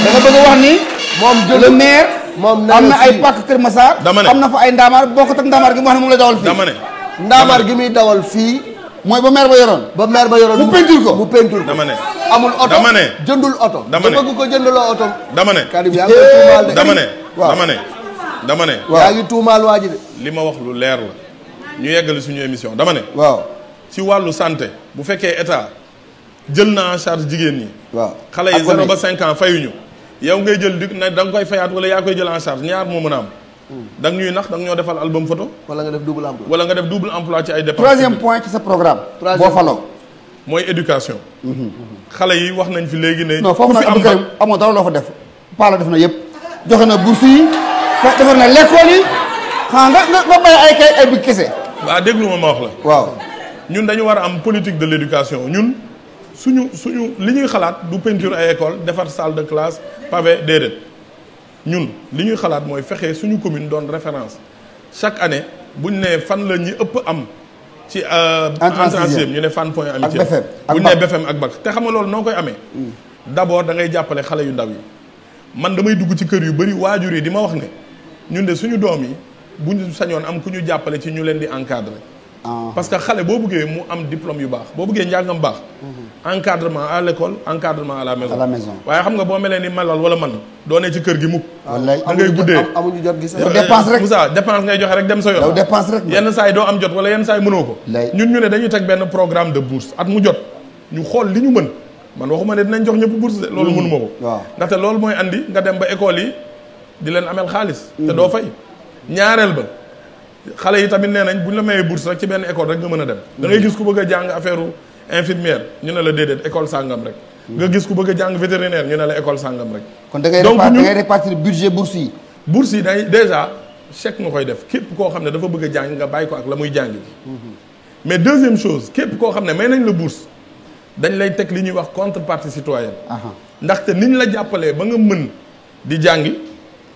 da bëgg wax ni moom le maire moom am na ay pàkk Kër Massar. dama am na fa ay ndaamaar bokkut ak ndaamaar gi mu wax ne moom la dawal fii. dama ne ndaamaar gi muy dawal fii. mooy ba maire ba yoroon. ba maire ba yoroon mu peinture ko mu peinture ko. dama ne amul oto dama ne jëndul oto. dama ne bëgg ko jëndaloo oto. dama ne Karim yaa ngi tuumaal dama ne dama ne dama ne. waaw yaa ngi tuumaal waa ji de. li ma wax lu leer la ñu yeggali suñu émission dama ne. waaw ci wàllu santé bu fekkee état jël na en jigéen ñi. waaw xale yi zéro ba cinq ans fayuñu yow ngay jël dik na da nga koy fayaat wala yaa koy jël en charge ñaar moo mën am hmm. da ñuy nax danga ñoo defal album photo wala nga def double emploi wala nga def double emploi ci ay dépenses troisième point ci sa programme boo faloo mooy éducation hmm. Hmm. xale yi wax nañ fi léegi ne non foofu nag Abdou Karim amoo dara loo fa def paala def na yëpp joxe na bourse yi defar na l'école yi xam nga bay ay bi kese waaw déglu ma ma wax la waaw ñun dañu war a am politique de l'éducation ñun suñu suñu li ñuy xalaat du peinture ay école defar salle de classe pavé déedéet ñun li ñuy xalaat mooy fexe suñu commune doon référence chaque année bu ñu nee fan la ñi ëpp am. ci euh, en sixième ñu ne fan point ak bu ñu nee ak BAC te xam nga loolu noo koy amee. Mm. d'abord da ngay jàppale xale yu ndaw yi man damay dugg ci kër yu bari waajur yi di ma wax ne ñun de suñu doom yi bu ñu sañoon am ku ñu jàppale ci ñu leen di encadrer. Ah. parce que xale boo buggee mu am diplôme yu baax boo buggee njàngam baax. Mhm. encadrement à l'école encadrement à la maison. à la maison waaye xam nga boo melee ni malal wala man doo ne ci kër gi mukk. Ah, wallaay amuñu jot amuñu jot ngay joxe rek dem sa yoon. yow yenn saa doo am jot wala yenn saa mënoo ko. ñun ñu ne dañuy teg benn programme de bourse at mu jot ñu xool li ñu mën man waxuma ne dinañ jox ñëpp bourse de loolu mm. mënuma ko. waaw ndaxte loolu mooy andi nga dem ba école yi di leen amel xaalis. te doo mm. fay ñaareel ba xale yi tamit nee nañ bu ñu la mayee bourse rek ci benn école rek nga mën a dem da ngay gis ku bëgg jàng affaire infirmière ñu ne la déedéet école sàngam rek nga gis ku bëgg a jàng vétérinaire ñu ne la école sàngam rek kon da ngay répartir budget bourse yi bourse yi day déjà chèque nga koy def képp koo xam ne dafa bëgg a jàng nga bàyyi ko ak la muy jàngi mais deuxième chose képp koo xam ne may nañ la bourse dañ lay teg li ñuy wax contrepartie citoyenne ndaxte niñ la jàppalee ba nga mën di jàngi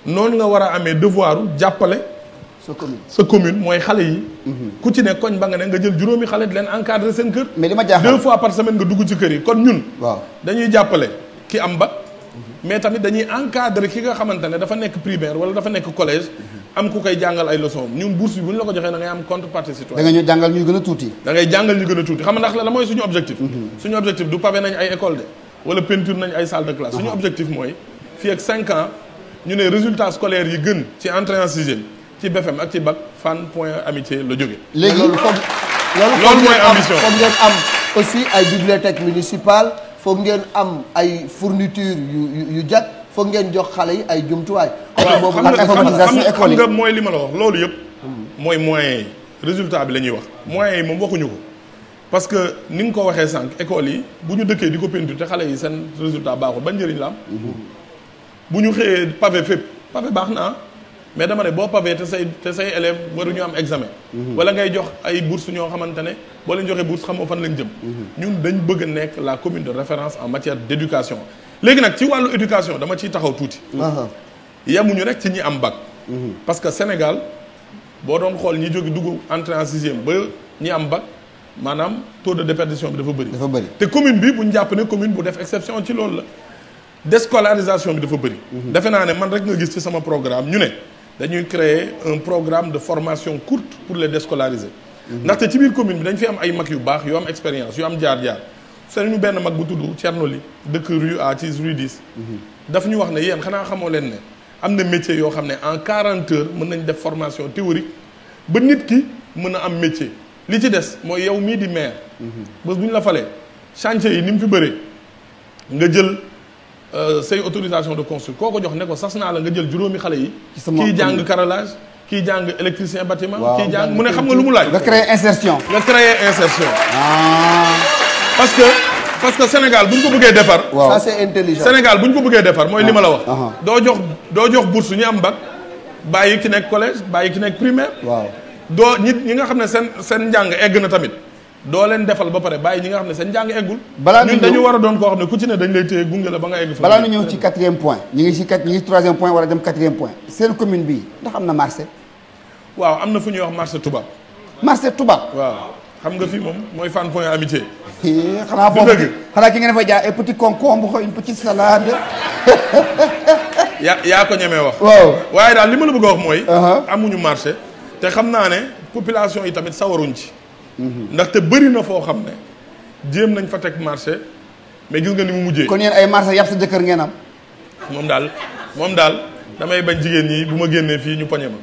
noonu nga war a amee devoiru jàppale sa commune commune mooy xale yi. Mhm. ku ci ne koñ ba nga ne nga jël juróomi xale di leen encadrer seen kër. mais li ma jaaxal deux fois par semaine nga dugg ci kër yi kon ñun. waaw dañuy jàppale ki am ba. Mhm. mais tamit dañuy encadrer ki nga xamante ne dafa nekk primaire wala dafa nekk collège. Mhm. am ku koy jàngal ay leçon ñun bourse bu ñu la ko joxee da ngay am contrepartie citoyenne. da nga ñu jàngal ñu gën a tuuti. da ngay a tuuti xam nga ndax la mooy suñu objectif. suñu objectif du pavé nañ ay école de wala peinture nañ ay salle classe. suñu objectif mooy ñu ne résultat scolaire yi gën ci entrée en ci BFM ak ci BAC fan point amitié la jóge léegi loolu foog loolu mooy ambition foog ngeen am aussi ay bibliothèque municipale foog ngeen am ay fourniture yu yu jag foog ngeen jox xale yi ay jumtuwaay côté boobu ak informatisation école xam nga mooy li ma la wax loolu yëpp hmm. mooy moyens yi résultat bi la ñuy wax moyens yi moom waxuñu ko parce que ni nga ko waxee sànq école yi bu ñu dëkkee di ko pentu te xale yi seen résultat baaxul ba njëriñ la am hmm. bu ñu xëyee pavé fépp pavé baax naa ah. mais dama ne boo pavee te say te say élèves waruñu am examen. Mhm. wala ngay jox ay bourse ñoo xamante ne boo leen joxee bourse xamoo fan lañ jëm. Mhm. ñun dañ bëgg a nekk la commune de référence en matière d' éducation. léegi nag ci wàllu éducation dama ciy taxaw tuuti. yemuñu rek ci ñi am bac. Mhm. parce que Sénégal boo doon xool ñi jóge dugg entrée en sixième ba ñi am bac maanaam taux de déperdition bi dafa bëri. dafa bëri te commune bi bu ñu jàpp ne commune bu def exception ci loolu la déscolarisation bi dafa bëri. defe naa ne man rek nga gis ci sama programme ñu ne. dañuy créer un programme de formation courte pour les déscolariser. ndaxte ci biir commune bi dañ fi am ay mag yu baax yu am expérience yoo am jaar-jaar. suñu benn mag bu tudd Thierno Ly dëkk rue A ci rue 10. daf ñu wax ne yéen xanaa xamoo leen ne am na métier yoo xam ne en 40 heures mën nañ def formation théorique ba nit ki mën a am métier li ci des mooy yow mii di maire. Mhm. bés bu ñu la falee chantier yi ni mu fi bëree nga jël. Euh, sey autorisation de construire koo ko jox ne ko sas naa la nga jël juróomi xale yi. kii jàng carrelage kii jàng électricien bâtiment. kii jàng mu ne xam nga lu mu laaj. nga créer insertion. nga créer insertion. Ah. parce que parce que Sénégal bu ñu ko bëggee defar. ça c'est intelligent. Sénégal bu ñu ko bëggee defar mooy li ma la wax. Ah, ah. doo jox doo jox bourse ñu am bac bàyyi ki nekk collège bàyyi ki nekk primaire. waaw doo ñi ñi nga xam ne seen seen njàng egg na tamit. doo leen defal ba pare bàyyi ñi nga xam ne seen njàng eggul balaa ñun dañu war a doon koo xam ne ku ci ne dañ lay téye gunge la ba nga egg fa balaa ñu ñëw ci quatrième point ñi ngi ci ñi ngi ci troisième dem quatrième point seen commune bii ndax am na marché waaw am na fu ñuy wax marché tubaab marché tubaab waaw xam nga fii moom mooy fan point amitié xanaa foofu xanaa ki ngeen fay jaay ay petit concombre une petite salade yaa yaa ko ñemee wax waaw waaye daal li ma la bëgg a wax mooy uh-huh. amuñu marché te xam naa ne population yi tamit sawaruñ ci ndaxte bëri na foo xam ne jéem nañ fa teg marché mais gis nga ni mu mujjee. kon yéen ay marché yàpp sa jëkkër ngeen am. moom daal moom daal damay bañ jigéen ñi bu ma génnee fii ñu poñe ma.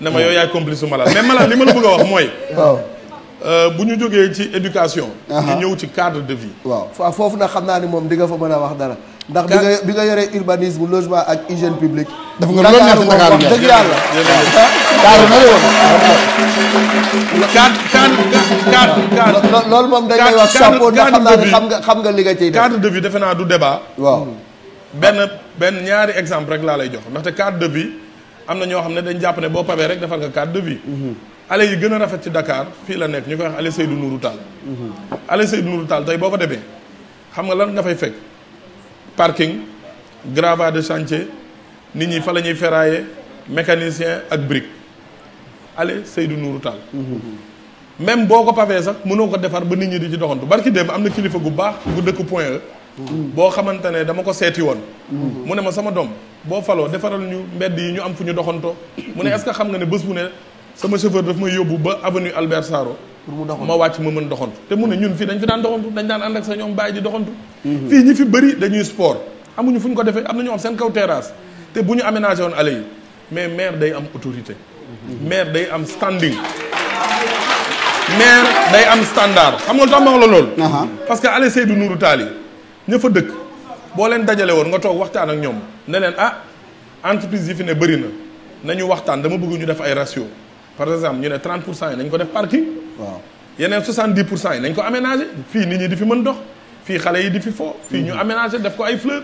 na ma yooy yaay complice su malal mais malal li ma la bëgg a wax mooy. waaw. Euh, bu ñu jógee ci éducation. ñu ñëw ci cadre de vie. waaw foofu nag xam naa ni moom di nga fa mën a wax dara. ndax bi nga bi nga yoree urbanisme logement ak hygiène publique. daf nga loolu neex Dakar wax dëgg yàlla. Dakar na loolu moom dañ koy wax chapeau ndax xam naa ne xam nga xam nga li nga ciy def. cadre defe naa du débat. waaw benn benn ñaari exemple rek laa lay jox ndaxte cadre de vie am na ñoo xam ne dañ jàpp ne boo pabee rek defal nga cadre de vie. allées yi gën a rafet ci dakaar fii la nekk ñu koy wax allée Seydou Nourou Tall. Mm-hmm. allée Seydou Nourou Tall tey boo fa demee xam nga lan nga fay fekk. parking gravats de chantier nit ñi fa la ñuy ferrailler mécanicien ak brique allez Seydou Nourou Tall. Mm-hmm. même boo ko pavee sax mënoo ko defar ba nit ñi di ci doxantu barki démb am na kilifa gu baax gu dëkk point e, mm-hmm. boo xamante ne dama ko seeti woon. Mm-hmm. mu ne ma sama doom boo faloo defaral ñu mbedd yi ñu am fu ñu doxantoo. mu ne est xam nga ne bés mu ne sama chauffeur daf may yóbbu ba avenue Albert saro ma wàcc ma mën doxantu te mu ne ñun fii dañ fi daan doxantu dañ daan ànd ak sa ñoom bàyyi di doxantu mhm. fii ñi fi bëri dañuy sport amuñu fu ñu ko defee am na ñoo am seen kaw terrasse te bu ñu amenage woon allée yi mais mair day am autorité mhm. maire day am standing maire day am standard xam nga lu tax ma la loolu parce que allée Seydou Nourou Tall yi ña fa dëkk boo leen dajale woon nga toog waxtaan ak ñoom ne leen ah entreprise yi fi ne bëri na nañu waxtaan dama bëgg ñu def ay ratio par exemple ñu ne 30 pour cent yi nañ ko def parking. waaw yeneen 70 pour cent yi nañ ko aménager fii nit ñi di fi mën dox fii xale yi di fi foo fii ñu mhm. aménager def ko ay fleurs.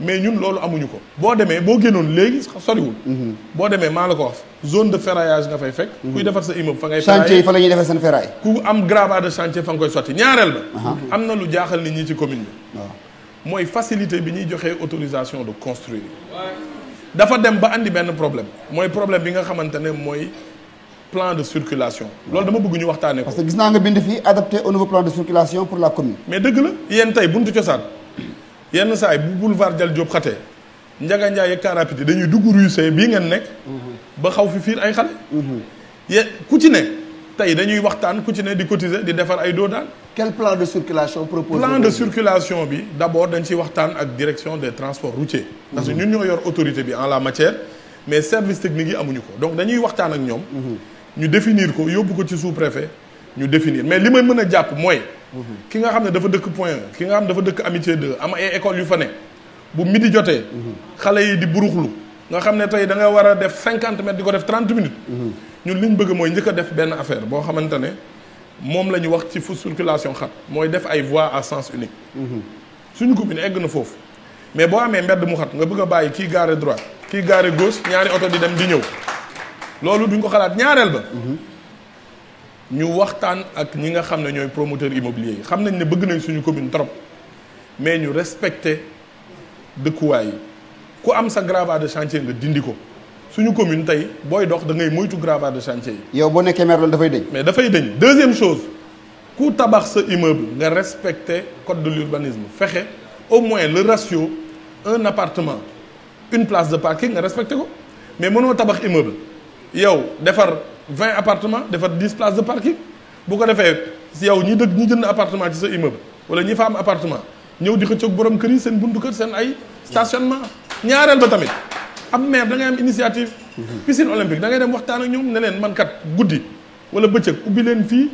mais ñun loolu amuñu ko. boo demee boo génnoon léegi soriwul. Mhm. boo demee maa la ko wax zone de ferraillage nga fay fekk. Mhm. kuy defar sa immeuble fa ngay. ferrailler chantier yi fa la ñuy defar seen ferraille. ku am gravat de chantier fa nga koy sotti ñaareel ba. am na lu jaaxal nit ñi ci commune bi. waaw mooy facilité bi ñuy joxee autorisation de construire. dafa dem ba andi benn problème. mooy problème bi nga xamante ne mooy. plan de circulation. loolu dama bëgg ñu waxtaanee ko. parce que gis naa nga bind fii adapté au nouveau plan de circulation pour la commune. mais tey buntu yenn saa yi bu boulevard Dial Diop xatee Ndiaga Ndiaye dañuy dugg rue bii ngeen nekk. ba xaw fi fiir ay xale. yéen ku ci ne tey dañuy waxtaan ku di cotiser di defar ay doo daal. de circulation proposé plan de circulation bi d' dañ ciy waxtaan ak direction des transports routiers. parce que ñun ñoo yor autorité bi en la matière mais service technique yi amuñu ko donc dañuy waxtaan ak ñoom. ñu définir ko yóbbu ko ci sous-préfet ñu définir mais li may mën a jàpp mooy. ki nga xam ne dafa dëkk Point ki nga xam ne dafa dëkk Amitié de am ay école yu fa ne bu midi jotee. xale yi di buruxlu nga xam ne tey da nga war a def cinquante mètres di ko def trente minutes. ñun li ñu bëgg mooy njëkk a def benn affaire boo xamante ne moom la ñu wax ci fu circulation xat mooy def ay voies à sens unique. suñu commune egg na foofu mais boo amee mbedd mu xat nga bëgg a bàyyi kii gaare droit kii gaare gauche ñaari oto di dem di ñëw. loolu duñ ko xalaat ñaareel ba. Mhm. ñu waxtaan ak ñi nga xam ne ñooy promoteur immobilier yi xam nañ ne bëgg nañ suñu commune trop mais ñu respecté dëkkuwaay yi ku am sa gravat de chantier nga dindi ko suñu commune tey booy dox da moytu gravat de chantier yi. yow boo nekkee maire loolu dafay dëñ. mais dafay dëñ deuxième chose ku tabax sa immeuble nga respecté code de l'urbanisme fexe au moins le ratio un appartement une place de parking nga respecté ko mais mënoo tabax immeuble. yow defar vingt appartement defar dix places de parking bu ko defee yow ñi dëkk ñi jënd appartement ci sa immeuble wala ñi fa am appartement ñëw di xëccoog borom kër yi seen buntu kër seen ay stationnement ñaareel ba tamit ab maire da ngay am initiative mhm. piscine olympique da ngay dem waxtaan ak ñoom ne leen man kat guddi wala bëccëg ubbi leen fii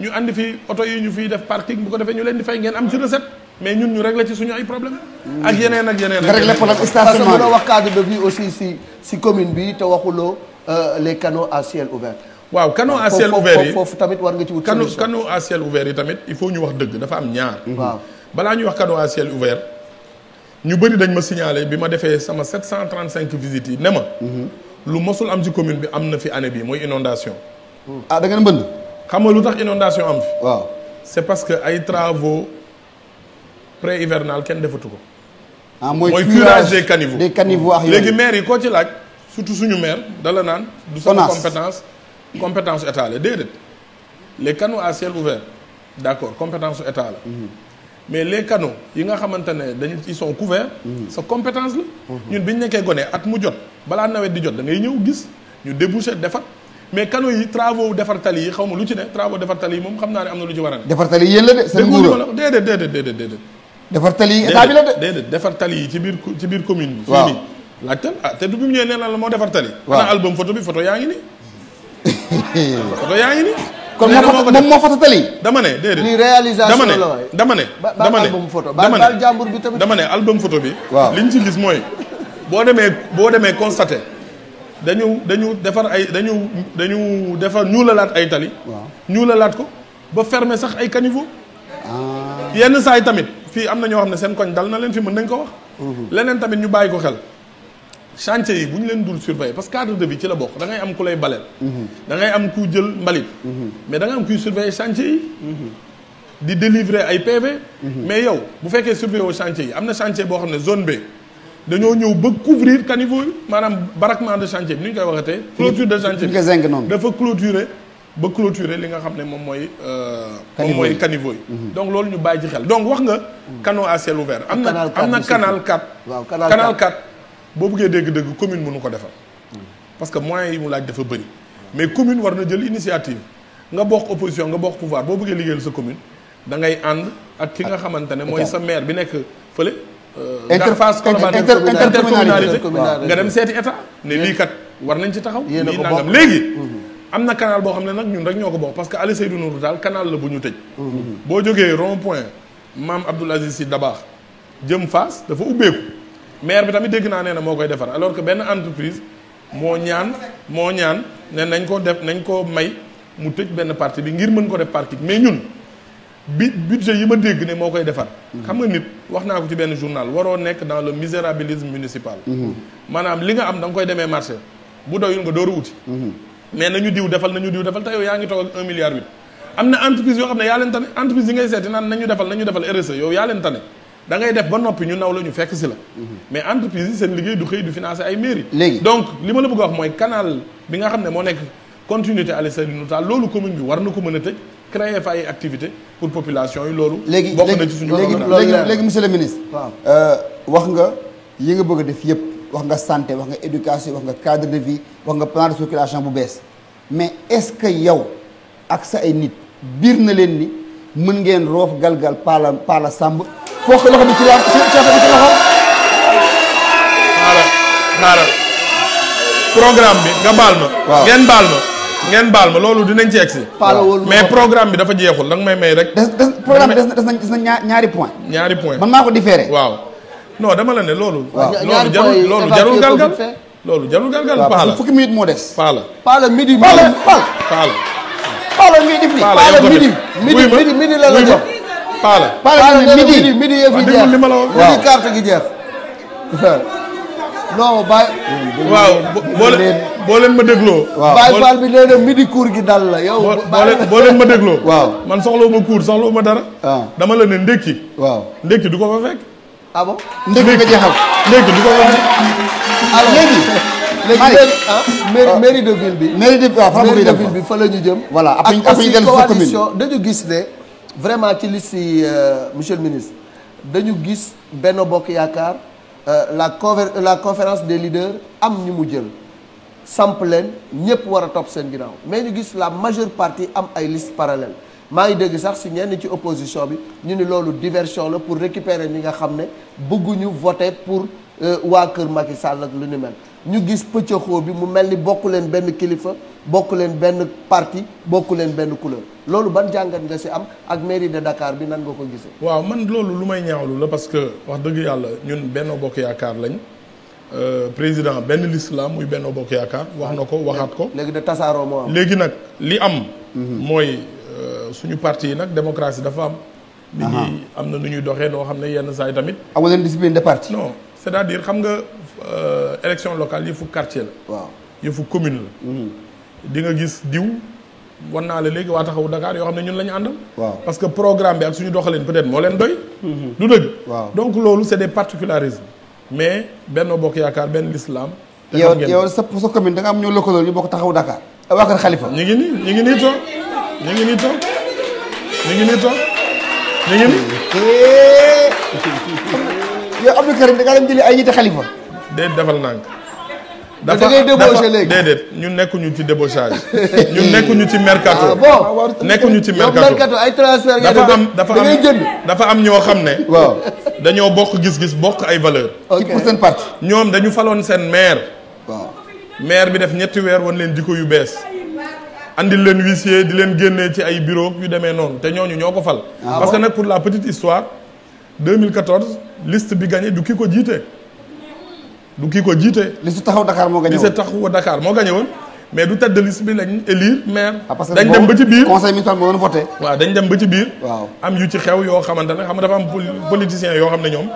ñu andi fi oto yi ñu fiy def parking bu ko defee ñu leen di fay ngeen am ci recette mais ñun ñu régler ci suñu ay problème ak mhm. yeneen ak yeneen ak yeneen aussi si si commune bi te waxuloo Euh, les canaux à ciel ouvert. waaw canaux à ciel ouvert yi foofu tamit war nga ci wut. canaux canaux à ciel ouvert yi tamit il faut ñu wax dëgg dafa am ñaar. waaw hmm. balaa ñuy wax canaux à ciel ouvert ñu bëri dañ ma signalé bi ma defee sama cent 735 visites yi ne ma. Mhm. lu mosul am ci commune bi am na fi année bii mooy inondation hmm. ah da ngeen mbënd. xam nga lu tax inondation am fi. waaw c'est parce que ay travaux pré-hivernal kenn defatu ko. ah mooy curage des caniveaux mooy curage hmm. léegi maire yi koo ci laaj. surtout suñu maire dala naan du sama compétence compétence état la déedéet les canaux à ciel ouvert d'accord compétence su état la mhm. mais les canaux yi nga xamante ne dañu ils sont couverts mhm. sa compétence la mhm. ñun bi ñu nekkee gonee at mu jot balaa nawet di jot da ngay ñëw gis ñu débouché defar mais canaux yi travaux defar tali yi xaw ma lu ci ne travaux defar tali yi moom xam naa ne am na lu ci war a ne defar tali yi yéen la de seen nguur déedéet déedéet déedéet déedéet yi état bi la ci biir bi waaw laajtal ah te du mu ñëwee nee la moo defar tali. waaw xanaa album photo bi photo yaa ngi nii. photo yaa ngi nii. kon moom moo photo tali. dama ne déedéet lii réalisation la waay dama ne dama ne album photo dama ne jàmbur bi tamit. dama ne album photo bi. waaw li ñu si gis mooy. boo demee boo demee constaté dañu dañu defar ay dañu dañu defar ñuula laat ay tali. waaw laat ko ba fermer sax ay caniveau. Ah. yenn saa yi tamit fii am na ñoo xam ne seen koñ dal na leen fi mën nañ ko wax. Mhm. leneen tamit ñu bàyyi ko xel. chantier yi bu ñu leen dul surveiller parce que cadre de vie ci la bokk da am ku lay baleel. Mhm. da am ku jël mbalit. Mhm. mais da nga am kuy surveiller chantier yi. Mhm. di délivrer ay PV. mais yow bu fekkee surveiller au chantier yi am na chantier boo xam ne zone B dañoo ñëw ba couvrir caniveau maanaam baraquement de chantier bi ni ñu koy waxatee. clôture de chantier bi dafa clôturer ba clôturer li nga xam ne moom mooy. Euh, moom mooy caniveau yi. donc loolu ñu bàyyi ci xel donc wax nga. canaux à ciel ouvert am na am na boo buggee dégg-dégg commune mënu ko defal parce que moyens yi mu laaj dafa bëri mais commune war na jël initiative nga bokk opposition nga bokk pouvoir boo bëggee liggéeyal sa commune dangay ngay ànd ak ki nga xamante ne mooy sa maire bi nekk fële euh, interface collaborative intercommunalité nga dem seeti état ne lii kat war nañ ci taxaw lii nangam léegi mhm. am na canal boo xam ne nag ñun rek ñoo ko bokk parce que Aly Seydou Nourou Tall canal la bu ñu tëj mhm. boo jógee rond point maam Abdoul Aziz Sy Dabakh jëm Fass dafa ubbeeku maire bi tamit dégg naa nee na moo koy defar alors que benn entreprise moo ñaan moo ñaan ne nañ ko def nañ ko may mu tëj benn partie bi ngir mën ko def parking mais ñun bi budget yi ma dégg ne moo koy defar xam nga nit wax naa ko ci benn journal waroo nekk dans le misérabilisme municipal mhm. maanaam li nga am da koy demee marché bu doyul nga dooru uti mhm. mais nañu diw defal nañu diw defal te yow yaa ngi toog ak un milliard huit am na entreprise yoo xam ne defal nañu defal RSE dangay def ba noppi ñu naw la ñu fekk si la. Mhm. mais entreprise yi seen liggéey du xëy du financer ay mairie. léegi donc li ma la bëgg a wax mooy canal bi nga xam ne moo nekk continuité Aly Seydou Tall loolu commune bi war na ko mën a tëj créer fa ay activité pour population yi loolu. léegi bokk na ci suñu léegi monsieur le ministre. Euh, wax nga yi bëgg a def yëpp wax nga santé wax nga éducation wax nga cadre de vie wax nga plan de circulation bu bees mais est-ce que yow ak sa ay nit biir na leen ni mën ngeen roof galgal paala paala sàmb foo ko loxo bi ci loxo. waaw ngeen baal ma. ngeen baal ma loolu dinañ ci egsi. mais programme bi dafa jeexul danga may may rek. des des programme bi na des na ñaari point ñaari point waaw non dama la ne loolu. loolu jarul loolu jarul loolu jarul galgal paala fukki minute moo des. paala paala midi. paala paala. paala midi. paala la la Paala. Paala midi midi yëf yi jeex li ma la wax waaw carte gi jeex. non Baye. waaw ma dégloo. waaw Baye Fall bi nee na midi gi dal la yow. boo leen ma dégloo. waaw man soxlawu ma cours soxlawu ma dara. Ah. dama la ne ndekki. waaw ndekki du ko fa fekk. ah bon ndekki nga jeexal. ndekki du ko fa fekk. alors léegi. léegi ah, ah. mairie de ville bi. mairie de waaw gis vraiment ci liste yi euh, monsieur le ministre dañu gis benn Bokk Yaakaar euh, la conver la conférence des leaders am ñu mu jël samp leen ñëpp war a topp seen ginnaaw mais ñu gis la majeure partie am ay listes parallèles maa ngi dégg sax si ñenn ci opposition bi ñu ni loolu diversion la pour récupérer ñi nga xam ne bëgguñu voter pour euh, waa kër Macky Sall ak lu ni mel. ñu gis pëccëxoo bi mu mel ni bokk leen benn kilifa bokk leen benn parti bokk leen benn couleur loolu ban jàngat nga si am ak mairie de dakaar bi nan nga ko gisee. waaw man loolu lu may ñaawlu la parce que wax dëgg yàlla ñun Benno Bokk Yaakaar lañ euh, président benn liste muy Benno Bokk Yaakaar wax na ko waxaat ko. léegi de tasaaroo moo léegi nag li am. Mhm. mooy euh, suñu parti yi nag démocratie dafa am. nit ñi am na nu ñuy doxee noo xam ne yenn saa yi tamit. amu leen discipline de parti. non cest à Euh, élection locale yëfu quartier la. waaw yëfu commune la. Mhm. di nga gis diw. wan naa la léegi waa taxawu Dakar yoo xam ne ñun la ñu àndal. waaw parce que programme bi ak suñu doxalin peut-être moo leen doy. Mhm. du dëgg. waaw donc loolu c'est des particularismes. mais Benno Bokk Yaakaar benn l'islam. te xam ngeen yow yow sa commune da nga am ñoo lëkkaloo ñu bokk taxawu Dakar. Eh, waa Kër Khalifa. ñu ngi nii ñu ngi nii toog ñu ngi nii to ñu ngi nii toog ñu ngi nii. yow Abdou Karim da ngaa dem jëli ay ñitte Khalifa. déedéet defal nànk dafa da ngay ñu nekkuñu ci débauchage ñun nekkuñu ci mercato. Ah, nekkuñu ci mercato ay transfert nga dafa am dafa am ñoo xam ne. waaw dañoo bokk gis-gis bokk ay valeur ci ñoom dañu faloon seen maire. waaw maire bi def ñetti weer woon leen jikko yu bees. andil leen huissier di leen génnee ci ay bureau yu demee noonu te ñooñu ñoo ko fal. Ah parce que nag pour la petite histoire 2014 liste bi gagné du ki ko jiite. du kii ko jiite. li si taxaw Dakar moo gañe woon moo gañe woon mais du tête de liste bi lañ élire maire. Ah, dañ dem ba ci biir conseil municipal moo doon voté. waaw dañ dem ba ci biir. waaw am yu ci xew yoo xamante ne xam nga dafa am politiciens yoo xam ne ñoom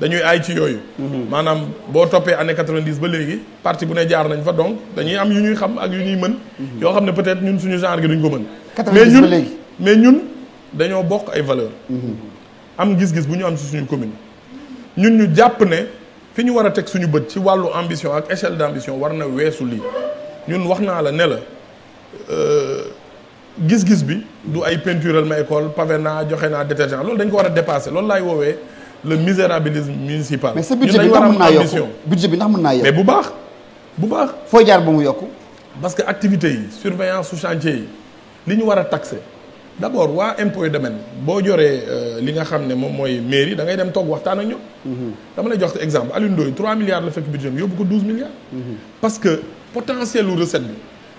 dañuy aay ci yooyu. Mhm. maanaam boo toppee année 90 ba léegi parti bu ne jaar nañ fa donc dañuy am yu ñuy xam ak yu ñuy mën. Mhm. yoo xam ne peut-être ñun suñu genre gi duñ ko mën. 90 ba léegi mais ñun mais ñun dañoo bokk ay valeur mhm. am gis-gis bu ñu am ci suñu commune ñun ñu jàpp ne fi ñu war a teg suñu bët ci wàllu ambition ak échelle d'ambition war na weesu lii ñun wax naa la ne la euh, gis-gis bi du ay peintural ma école pavé naa joxe naa détergent loolu dañ ko war a dépasser loolu laay woowee le misérabilisme municipal. mais sa budget bi ndax mën naa yokku budget bi ndax mën naa yokku mais bu baax bu baax. foo jaar ba mu yokku. parce que activités yi surveillance su chantier yi li ñu war a taxer. d' abord waa impôt et domaine boo joree euh, li nga xam ne moom mooy mairie da ngay dem toog waxtaan ak ñoom. Mhm. dama la jox te exemple Alioune Ndoye 3 milliards la fekk budget yóbbu ko 12 milliards. Mhm. parce que potentiel recette bi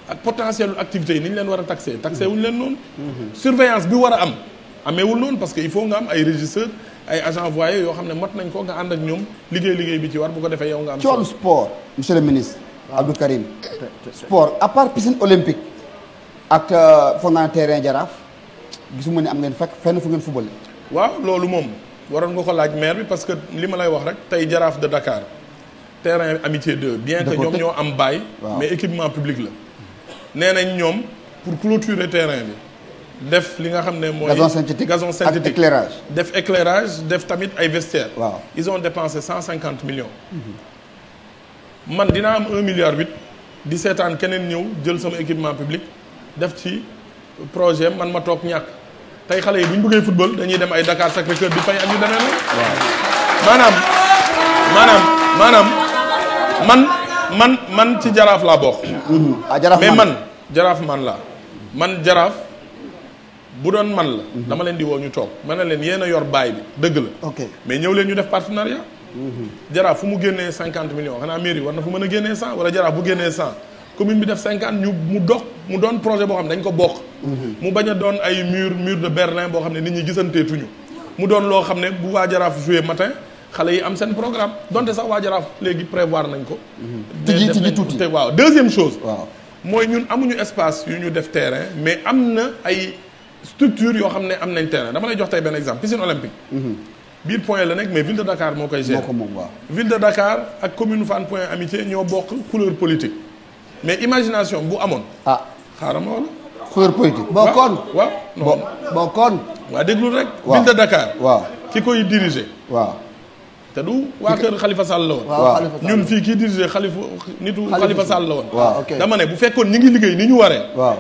ak potentiel activité yi ni leen war a taxé taxé wuñ leen noonu. Mhm. surveillance bi war a am ameewul noonu parce que il faut nga am ay régisseurs ay agents voyés yoo xam ne mot nañ ko nga ànd ak ñoom liggéey liggéey bi ci war bu ko defee yow nga am. ci wàllu sport monsieur le ministre. Abdou Karim. sport à part piscine olympique. ak euh, fond terrain Jaraaf. gisuma ne am ngeen fekk fenn fu ngeen footballé. waaw loolu moom waroon nga ko laaj maire bi parce que li ma lay wax rek tey jaraaf de Dakar terrain amitié 2 bien que ñoom ñoo am bail. mais équipement public la. nee nañ ñoom pour clôturer terrain bi. def li nga xam ne mooy gazon synthétique gason synthétique ak éclairage. def éclairage def tamit ay vestiaires. waaw ils ont dépensé cent cinquante millions. man dina am un milliard huit di seetaan keneen ñëw jël sama équipement public def ci projet man ma toog ñàkk. tey xale yi bu ñu bëggee football dañuy dem ay Dakar Sacré-Cœur di fay ak yu demee noonu maanaam maanaam maanaam man man man ci jaraaf laa bokk ah, mais man jaraaf man la man jaraaf bu doon man la mhm. dama leen di woo ñu toog ma ne leen yéen a yor baay bi dëgg la mais ñëw leen ñu def partenariat mhm. jaraaf fu mu génnee cinquante millions xanaa mairie war na fu mën a génnee cent wala jaraaf bu génnee cent commune bi def cinquante ñu mu dox mu doon projet boo xam ne dañ ko bokk. Mhm. mu bañ a doon ay mur mur de Berlin boo xam ne nit ñi gisanteetuñu mu doon loo xam ne bu waa Jaraaf joué matin xale yi am seen programme donte sax waa Jaraaf léegi prévoir nañ ko. Mhm. tijji tijji tuuti waaw deuxième chose. waaw mooy ñun amuñu espace yu ñu def terrain mais am na ay structure yoo xam ne am nañ terrain dama lay jox tey benn exemple piscine olympique. Mhm. biir point la nekk moo koy gérer. moo ko moom waaw ville de Dakar mais imagination bu amoon. ah xaaral ma wala. couleur politique boo kon. waaw boo kon. waa déglul rek. waaw ville de Dakar. waaw ki koy diriger. waa te du waa kër Khalifa Sall la woon. waaw ñun fii kii diriger Khalifa nitu Khalifa Sall la woon. waaw ok dama ne bu fekkoon ñi ngi liggéey ni ñu waree. waaw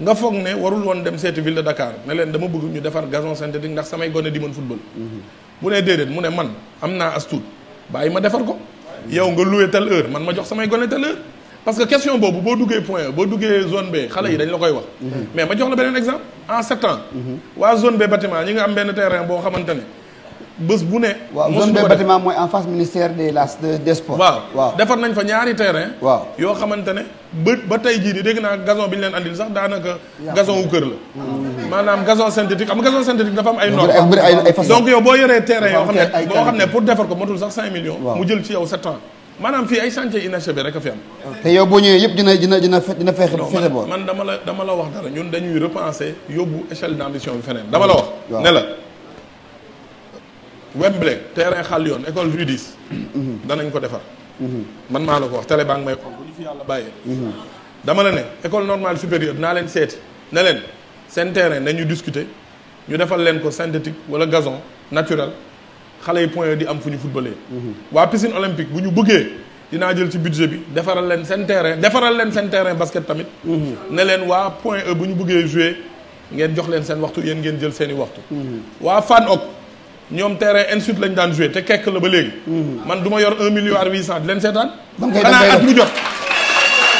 nga foog ne warul woon dem seeti ville de Dakar ne leen dama bëgg ñu defar gazon synthétique ndax samay gone di mën football. Mhm. mu ne déedéet mu ne man am naa as tuut bàyyi ma defar ko. yow nga loué tel heure man ma jox samay gone parce que question boobu boo duggee point E boo duggee zone B xale yi dañ la koy wax. mais ma jox la beneen exemple en sept ans. waa zone B bâtiment ñi nga am benn terrain boo xamante ne bés mooy en face ministère des las des sports. waaw ñaari terrain. waaw yoo xamante ne ba ba tey jii nii dégg naa gazon bi ñu leen andil sax daanaka. gazon wu kër la. maanaam gazon synthétique am gazon synthétique dafa am ay normes. donc yow boo yoree terrain yoo xam ne pour defar ko matul sax 5 millions. mu jël ci yow 7 ans. maanaam fii ay chantier inachevé rek a fi am. te yow boo ñëwee yëpp dina dina dina dina fexe fexe boor. man dama la dama la wax dara ñun dañuy repenser yóbbu échelle d'ambition bi feneen dama la wax. ne la. Wembley terrain xàll yoon école judis mhm. danañ ko defar. Mhm. man maa la ko wax télé baa ngi may xool bu ñu fi yàlla bàyyee. Mhm. dama la ne école normale supérieure naa leen seeti ne leen seen terrain nañu discuter ñu defal leen ko synthétique wala gazon naturel. xale yi point e di am fu ñu footballé. Mhm. waa piscine olympique bu ñu bëggee dinaa jël ci budget bi defaral leen seen terrain defaral leen seen terrain basket tamit. Mhm. ne leen waa point E bu ñu buggee jouer ngeen jox leen seen waxtu yéen ngeen jël seen i waxtu. Mhm. waa fan ok ñoom terrain ensuite lañ daan jouer te kekk la ba léegi. man du ma yor un milliard huit cent di leen seetaan. xanaa at mu jot.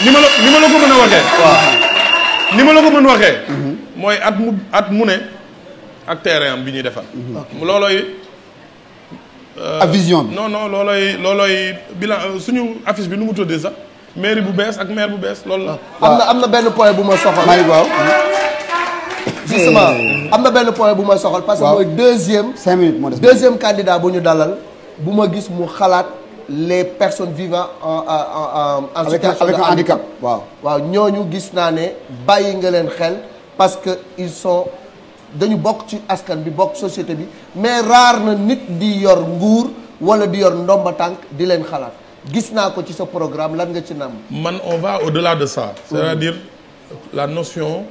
ni ma la ni ma la ko mën a waxee. waaw ni ma la ko mën waxee. mooy at mu at mu ne ak terrain bi ñuy defar. Euh, ak vision bi non non loolooy loolooy bilan euh, suñu affiche bi nu mu tuddee sax mairie bu bees ak maire bu bees loolu la. Ah, am na benn point bu ma soxal. maa na benn point bu ma soxal. parce que mooy deuxième. cinq minutes moo des deuxième candidat bu ñu dalal bu ma gis mu xalaat les personnes vivant en en en. en situation avec waaw. waaw ñooñu gis naa ne bàyyi nga leen xel parce que ils sont. dañu bokk ci askan bi bokk société bi mais raar na nit di yor nguur wala di yor ndomba tànk di leen xalaat gis naa ko ci sa programme lan nga ci nam man on va au-delà de ça mm. c'est-à-dire la notion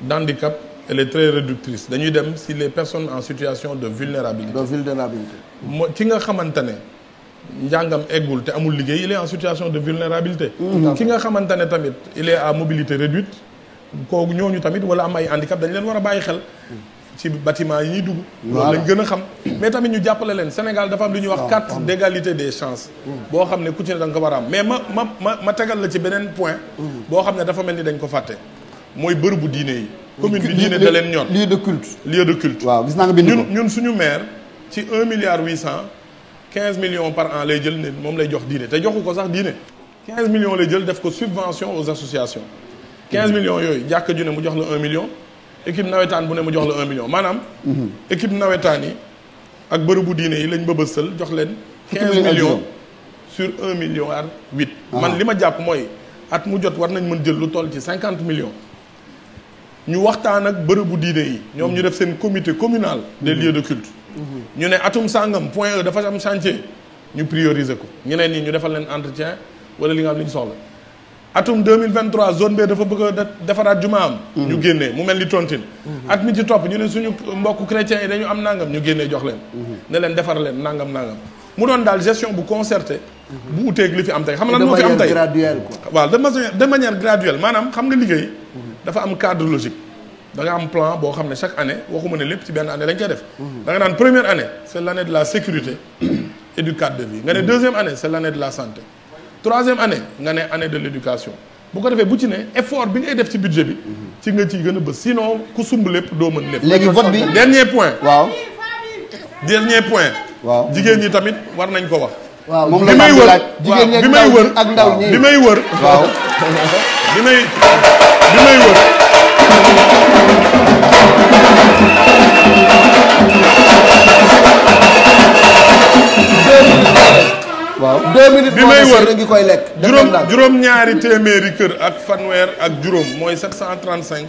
d'handicap elle est très réductrice dañuy dem si les personnes en situation de vulnérabilité de vulnérabilité moo ki nga xamante ne njàngam eggul te amul liggéey il en situation de vulnérabilité mm. ki nga xamante ne tamit il est à mobilité réduite kooku ñooñu tamit wala am ay handicap dañ leen war a bàyyi xel ci bâtiment yi ñuy loolu lañ gën a xam mais tamit ñu jàppale leen Sénégal dafa am lu ñuy wax ah, carte d'égalité des chances hmm. boo xam ne ku ci ne ko war a am mais ma ma ma ma tegal la ci beneen point hmm. boo xam ne dafa mel ni dañ ko fàtte mooy bërëbu diine yi commune bi diine da leen ñoon lieu de culte lieu de culte waaw gis naa nga ñun ñun suñu maire ci un milliard huit cent quinze million par an lay jël ne moom lay jox diine te joxu ko sax diine quinze millions lay jël def ko subvention aux 15 millions yooyu jàkk ju ne mu jox la 1 million nawetaan bu ne mu jox la 1 million maanaam. Mhm. équipe nawetaan yi ak bërëbu diine yi lañ bëbësal jox leen. 15 millions sur un milliard 8. Ah. man li ma jàpp mooy at mu jot war nañ mën jël lu toll ci cinquante millions. ñu waxtaan ak bërëbu diine yi. ñoom ñu mhm. def seen commité communal. des mhm. lieux de culte. ñu ne atum sàngam point E dafa am chantier ñu prioriser ko ñeneen ñi ñu defal leen entretien wala li nga am li ñu soxla. atum 2023 zone B dafa bëgg a defaraat juma am. Mhm. ñu génnee mu mel ni tontine. Mhm. at mi ci topp ñu ne suñu mbokk chrétiens yi dañu am nangam ñu génnee jox leen. Mhm. ne leen defar leen nangam nangam. mu doon daal gestion bu concertée. bu uteeg li fi am tey xam nga lan moo fi am tey de manière de manière graduelle maanaam xam nga liggéey. dafa am cadre logique. da am plan boo xam ne chaque année waxuma ne lépp ci benn année lañ koy def. da nga naan première année la sécurité et du cadre de vie. la santé. troisième année nga ne année de l'éducation bu ko defee bu ci ne effort bi ngay def ci budget bi ci nga ciy gën a bës sinon ku sumb lépp doo mën lépp léegi vote bi dernier point waaw dernier point waaw jigéen ñi tamit war nañ ko wax waaw moom la may wër jigéen bi may wër ak ndaw ñi may wër waaw bi bi may wër waaw deux minutes bi may wër ngi koy lekk. juróom juróom ñaari téeméeri kër ak fanweer ak juróom mooy 735.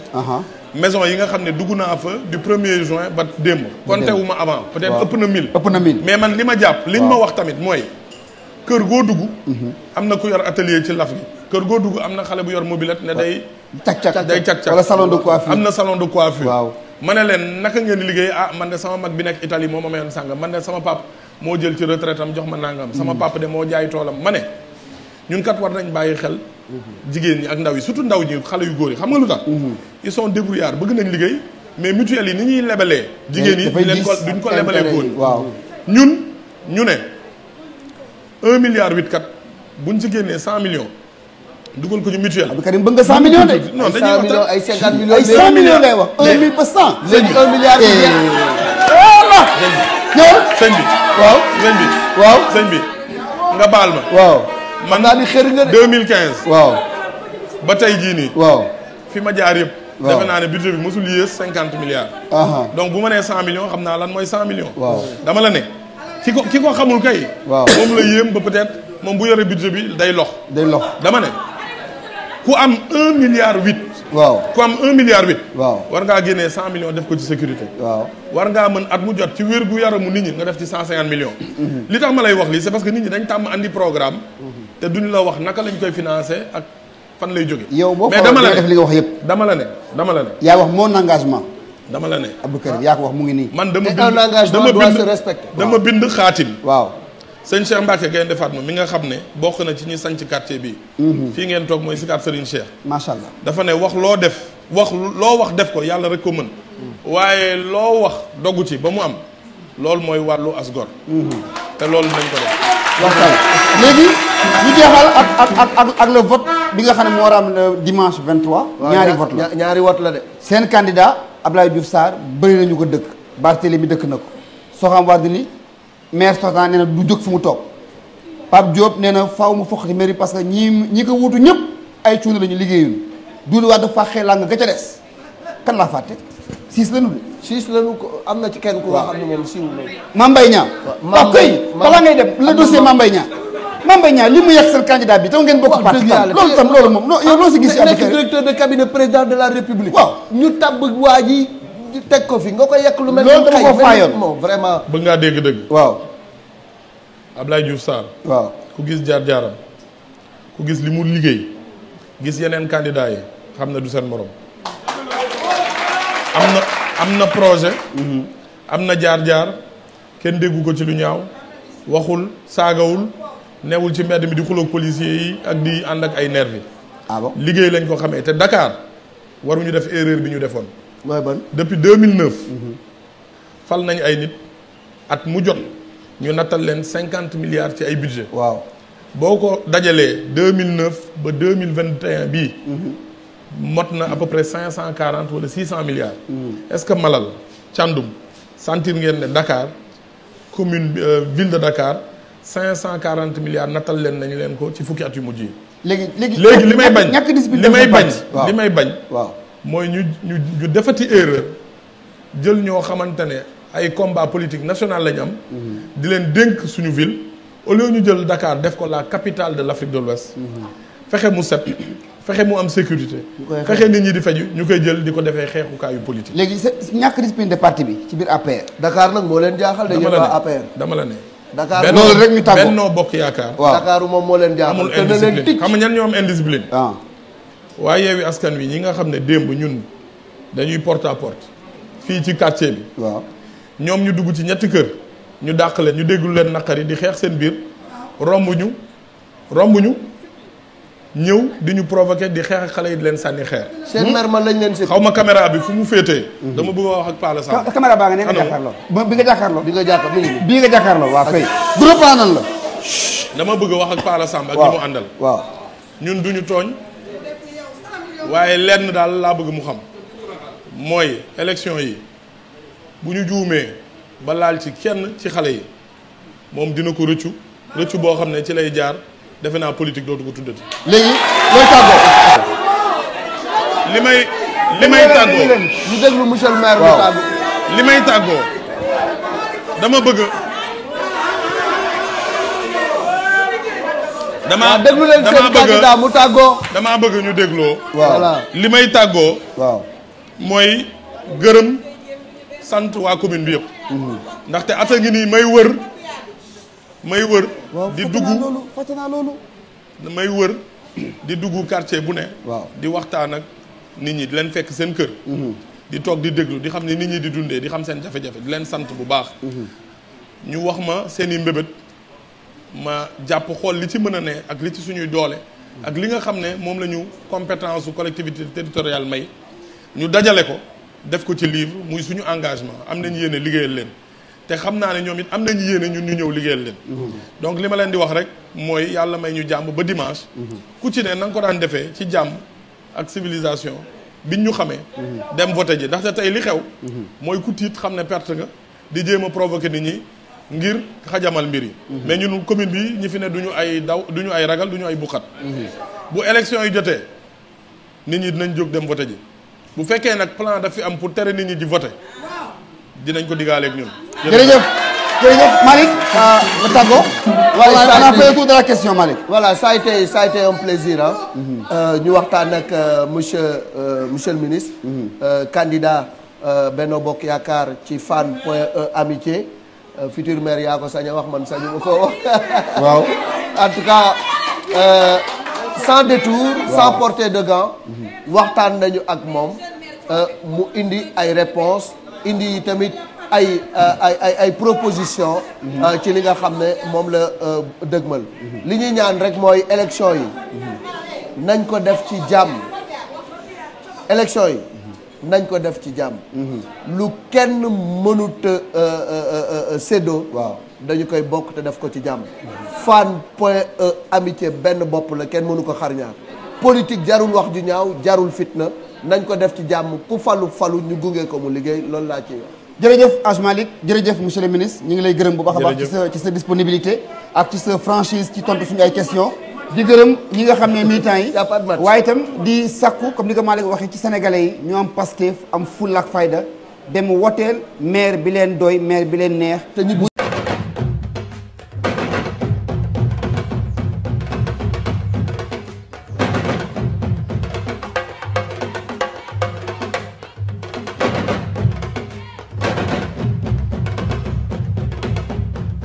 maison yi nga xam ne dugg naa fa du premier juin ba démb. konte wu ma avant peut-être ëpp na 1000. ëpp na 1000 mais man li ma jàpp liñ ma wax tamit mooy. kër goo dugg. Mhm. am na ku yor atelier ci laf gi. kër goo dugg am na xale bu yor mobilette ne day. cak cak day cak cak wala salon de coiffure am na salon de coiffure. waaw ne leen naka ngeen di liggéey ah man de sama mag bi nekk Italie moo ma mayoon sànga man de sama pap moo jël ci retraite am jox ma nangam. sama mm. papa de moo jaay toolam ma ne. ñun kat war nañ bàyyi xel. Mm-hmm. jigéen ñi ak ndaw yi surtout ndaw ñi xale yu góor yi xam nga lu tax. Mm-hmm. ils sont débrouillards bëgg nañ liggéey mais mutuel yi ni ñuy lebalee. jigéen yi leen ko duñ ko lebalee góor waaw ñun ñu ne un milliard huit kat buñ ci génnee cent millions. dugal ko ci mutuelle. Abdou Karim bëgg nga cent millions de. wax te ay cinquante millions ay cent millions ngay wax. un mille pour cent. léegi un milliard. Eh, ñëw sëñ bi. waaw sëñ bi. nga baal ma. waaw man naa ni xëri nga de. 2015. waaw ba tey jii nii. waaw fi ma jaar yëpp. waaw defe naa ne budget bi mosul yées cinquante milliards. donc bu ma nee cent millions xam naa lan mooy cent millions. waaw dama la ne ki ko ki ko xamul kay. waaw moom la yéem ba peut-être moom bu yore budget bi day lox. day lox dama ne ku am un milliard huit. waaw ku am un milliard huit waaw war ngaa génnee cent millions def ko ci sécurité waaw war ngaa mën at mu jot ci wér gu yaramu nit ñi nga def ci cent cinquante millions mhm. li tax ma lay wax li c'est parce que nit ñi dañ tàmm andi programme mhm. te duñu la wax naka lañu koy financer ak fan lay jóge yow boo mais dama la def li wax yëpp dama la ne dama la ne yaa wax mon engagement dama la ne Abdou Karim yaa ko wax mu ngi nii man dama bind dama bind dama bind xaatim waaw sëñ Cheikh Mbacke Gaynde Fatma mi nga xam ne bokk na ci ñi sanc quartier bi mhm. fii ngeen toog mooy Sicap Serigne Cheikh macha allah dafa ne wax loo def wax loo wax def ko yàlla rek ko mën mhm. waaye loo wax doggu ci ba mu am loolu mooy wàllu asgor mhm. te loolu nañ ko def waxtaan léegi ñu jeexal ak ak ak ak ak le vote bi nga xam ne moo war a am le dimanche 23 ñaari vote la ñaari vote la de seen candidat Abdoulaye Diouf Sarr bëri nañu ko dëkk Barthélémy dëkk na ko maire sortant nee na du jóg fi mu toog Pape Diop nee na faaw mu foqati mairie parce que ñii ñi ko wuutu ñëpp ay cuuna la ñu liggéeyul Doudou Wade fàqee làng ga ca des kan siis la ñu siis la ko am na ci kenn ku nga xam ne moom balaa ngay dem le dossier Mame Mbaye Niang. Mame li mu yegg seen candidat bi tam ngeen bokk parti loolu tam loolu moom. yow loo si gis si affaire yi directeur de cabinet président de la république. waa teg ko fi nga ko yekk lu mel. loolu dama ko faayoon moom vraiment. bëgg ngaa dégg dëgg. waaw. Abdoulaye Diouf Sarr. waaw ku gis jaar-jaaram ku gis li mu liggéey gis yeneen candidats xam na du seen moroom am na am na projet. Mhm. am na jaar-jaar kenn déggu ko ci lu ñaaw waxul saagawul newul ci mbedd mi di xuloog policiers yi ak di ànd ak ay nervi yi. Ah liggéey lañ ko xamee te Dakar waruñu def erreur bi ñu defoon. mooy ban depuis 2009. fal nañu ay nit at mu jot ñu natal leen cinquante milliards ci ay budget waaw boo ko dajalee deux mille 2009 ba 2021 bii. Mhm. mot na à peu près cinq cent quarante wala six cent milliards. Mhm. est-ce que Malal Thiandoum sentir ngeen ne Dakar commune euh, ville de Dakar cinq cent quarante milliards nattal leen nañu leen ko ci fukki at yu mujj yi. léegi léegi li may bañ. li may bañ li may bañ. waaw mooy ñu ñu ñu defati erreur jël ñoo xamante ne ay combat politique national lañ am. Mhm. di leen dénk suñu ville. au lieu ñu jël Dakar def ko la capital de l' Afrique de l'Ouest mhm. fexe mu set fexe mu am sécurité. fexe nit ñi di feju ñu koy jël di ko defee xeexukaayu politique. léegi sa ñàkk discipline de parti bi ci biir APR. Dakar nag moo leen jaaxal. dama la ne APR dama la ne. Dakar loolu rek ñu tàggoo Benno Bokk Yaakaar. waaw moom moo leen jaaxal. te ne leen tic amul indiscipline xam nga ñan ñoo am indiscipline. Ah. waaye yeewi askan wi ñi nga xam ne démb ñun dañuy porte à fii ci quartier bi. waaw ñoom ñu dugg ci ñetti kër ñu dàq leen ñu déggul leen naqari di xeex seen biir romb ñu romb ñu ñëw di provoqué di xeex ak xale yi di leen sànni xeer. seen mer man lañ leen si. xaw ma caméra bi fu mu féetee. Hmm. dama bëgg wax ak Pala Samb. caméra baa nga ne nga jàkkaarloo. ba bi nga jàkkaarloo. bi nga jàkkaarloo bii nga jàkkaarloo waa kay. la. dama bëgg a wax ak Pala Samb. ak ñi mu àndal. waaw ñun duñu tooñ waaye lenn daal laa bëgg mu xam mooy élection yi bu ñu juumee ba laal ci kenn ci xale yi moom dina ko rëccu rëccu boo xam ne ci lay jaar defe naa politique dootu ko tuddati. léegi looy tàggoo. li may li may tàggoo ñu déglu monsieur le maire. li may tàggoo dama bëgg. dama déglu leen seen candidat mu tàggoo damaa bëgg ñu dégloo voilà li may tàggoo waaw mooy gërëm sant waa commune bi yëpp mhm. ndaxte ata ngi nii may wër may wër di dugg wër di dugg quartier bu ne waaw di waxtaan ak nit ñi di leen fekk seen kër mhm. di toog di déglu di xam ne nit ñi di dundee di xam seen jafe-jafe di leen sant bu baax mhm. ñu wax ma seeni mbébét ma jàpp xool li ci mën a ne ak li ci suñuy doole ak li nga xam ne moom la ñu compétence su collectivité territoriale may ñu dajale ko def ko ci livre muy suñu engagement am nañ yéene liggéeyal leen te xam naa ne ñoom it am nañ yéene ñun ñu ñëw liggéeyal leen donc li ma leen di wax rek mooy yàlla may ñu jàmm ba dimanche ku ci ne na nga ko daan defee ci jàmm ak civilisation biñ ñu xamee dem voté ji ndaxte tey li xew mooy ku tiit xam ne perte nga di jéem a provoqué nit ñi ngir xajamal mbir yi. Mhm. mais ñun commune bi ñi fi ne du ñu ay daw du ñu ay ragal du ñu ay buqat. Mhm. bu élection yi jotee nit ñi dinañ jóg dem voté ji bu fekkee nag plan daf fi am pour tere nit ñi di voté dinañ ko digaaleeg ñun. jërëjëf jërëjëf Malick. nga ah, tàggoo. voilà on a de la question Malick. voilà ça a été ça a été un plaisir ah. ñu waxtaan ak euh, monsieur euh, monsieur le ministre. candidat Benno Bokk Yaakaar ci Fann point e amitié. Euh, futur maire yaa ko sañ a wax man sañu ma koo wax. waaw en tout cas euh, sans détour. sans porter de gants. Mhm. waxtaan nañu ak moom euh, mu indi ay réponses indi tamit ay ay propositions. Mhm. ci li nga xam ne moom la dëgmal. Mhm. li ñuy ñaan rek mooy élection yi. nañ ko def ci jàmm. élection yi. nañ ko def ci jàmm. Mhm. lu kenn mënut a séddoo. waaw dañu koy bokk te def ko ci jàmm. Fann point E amitié benn bopp la kenn mënu ko xar ñaar. politique jarul wax ju ñaaw jarul fitna nañ ko def ci jàmm ku falu falu ñu gunge ko mu liggéey loolu laa ciy jërëjëf Hadj jërëjëf monsieur le ministre ñu ngi lay gërëm bu baax a baax. ci sa ci sa disponibilité. ak ci sa franchise ci tontu suñu ay question di gërëm ñi nga xam ne militants yi waaye itam di sakku comme ni ko Malick waxee ci sénégalais yi ñu am Pastef am fulla ak fayda dem woteel maire bi leen doy maire bi leen neex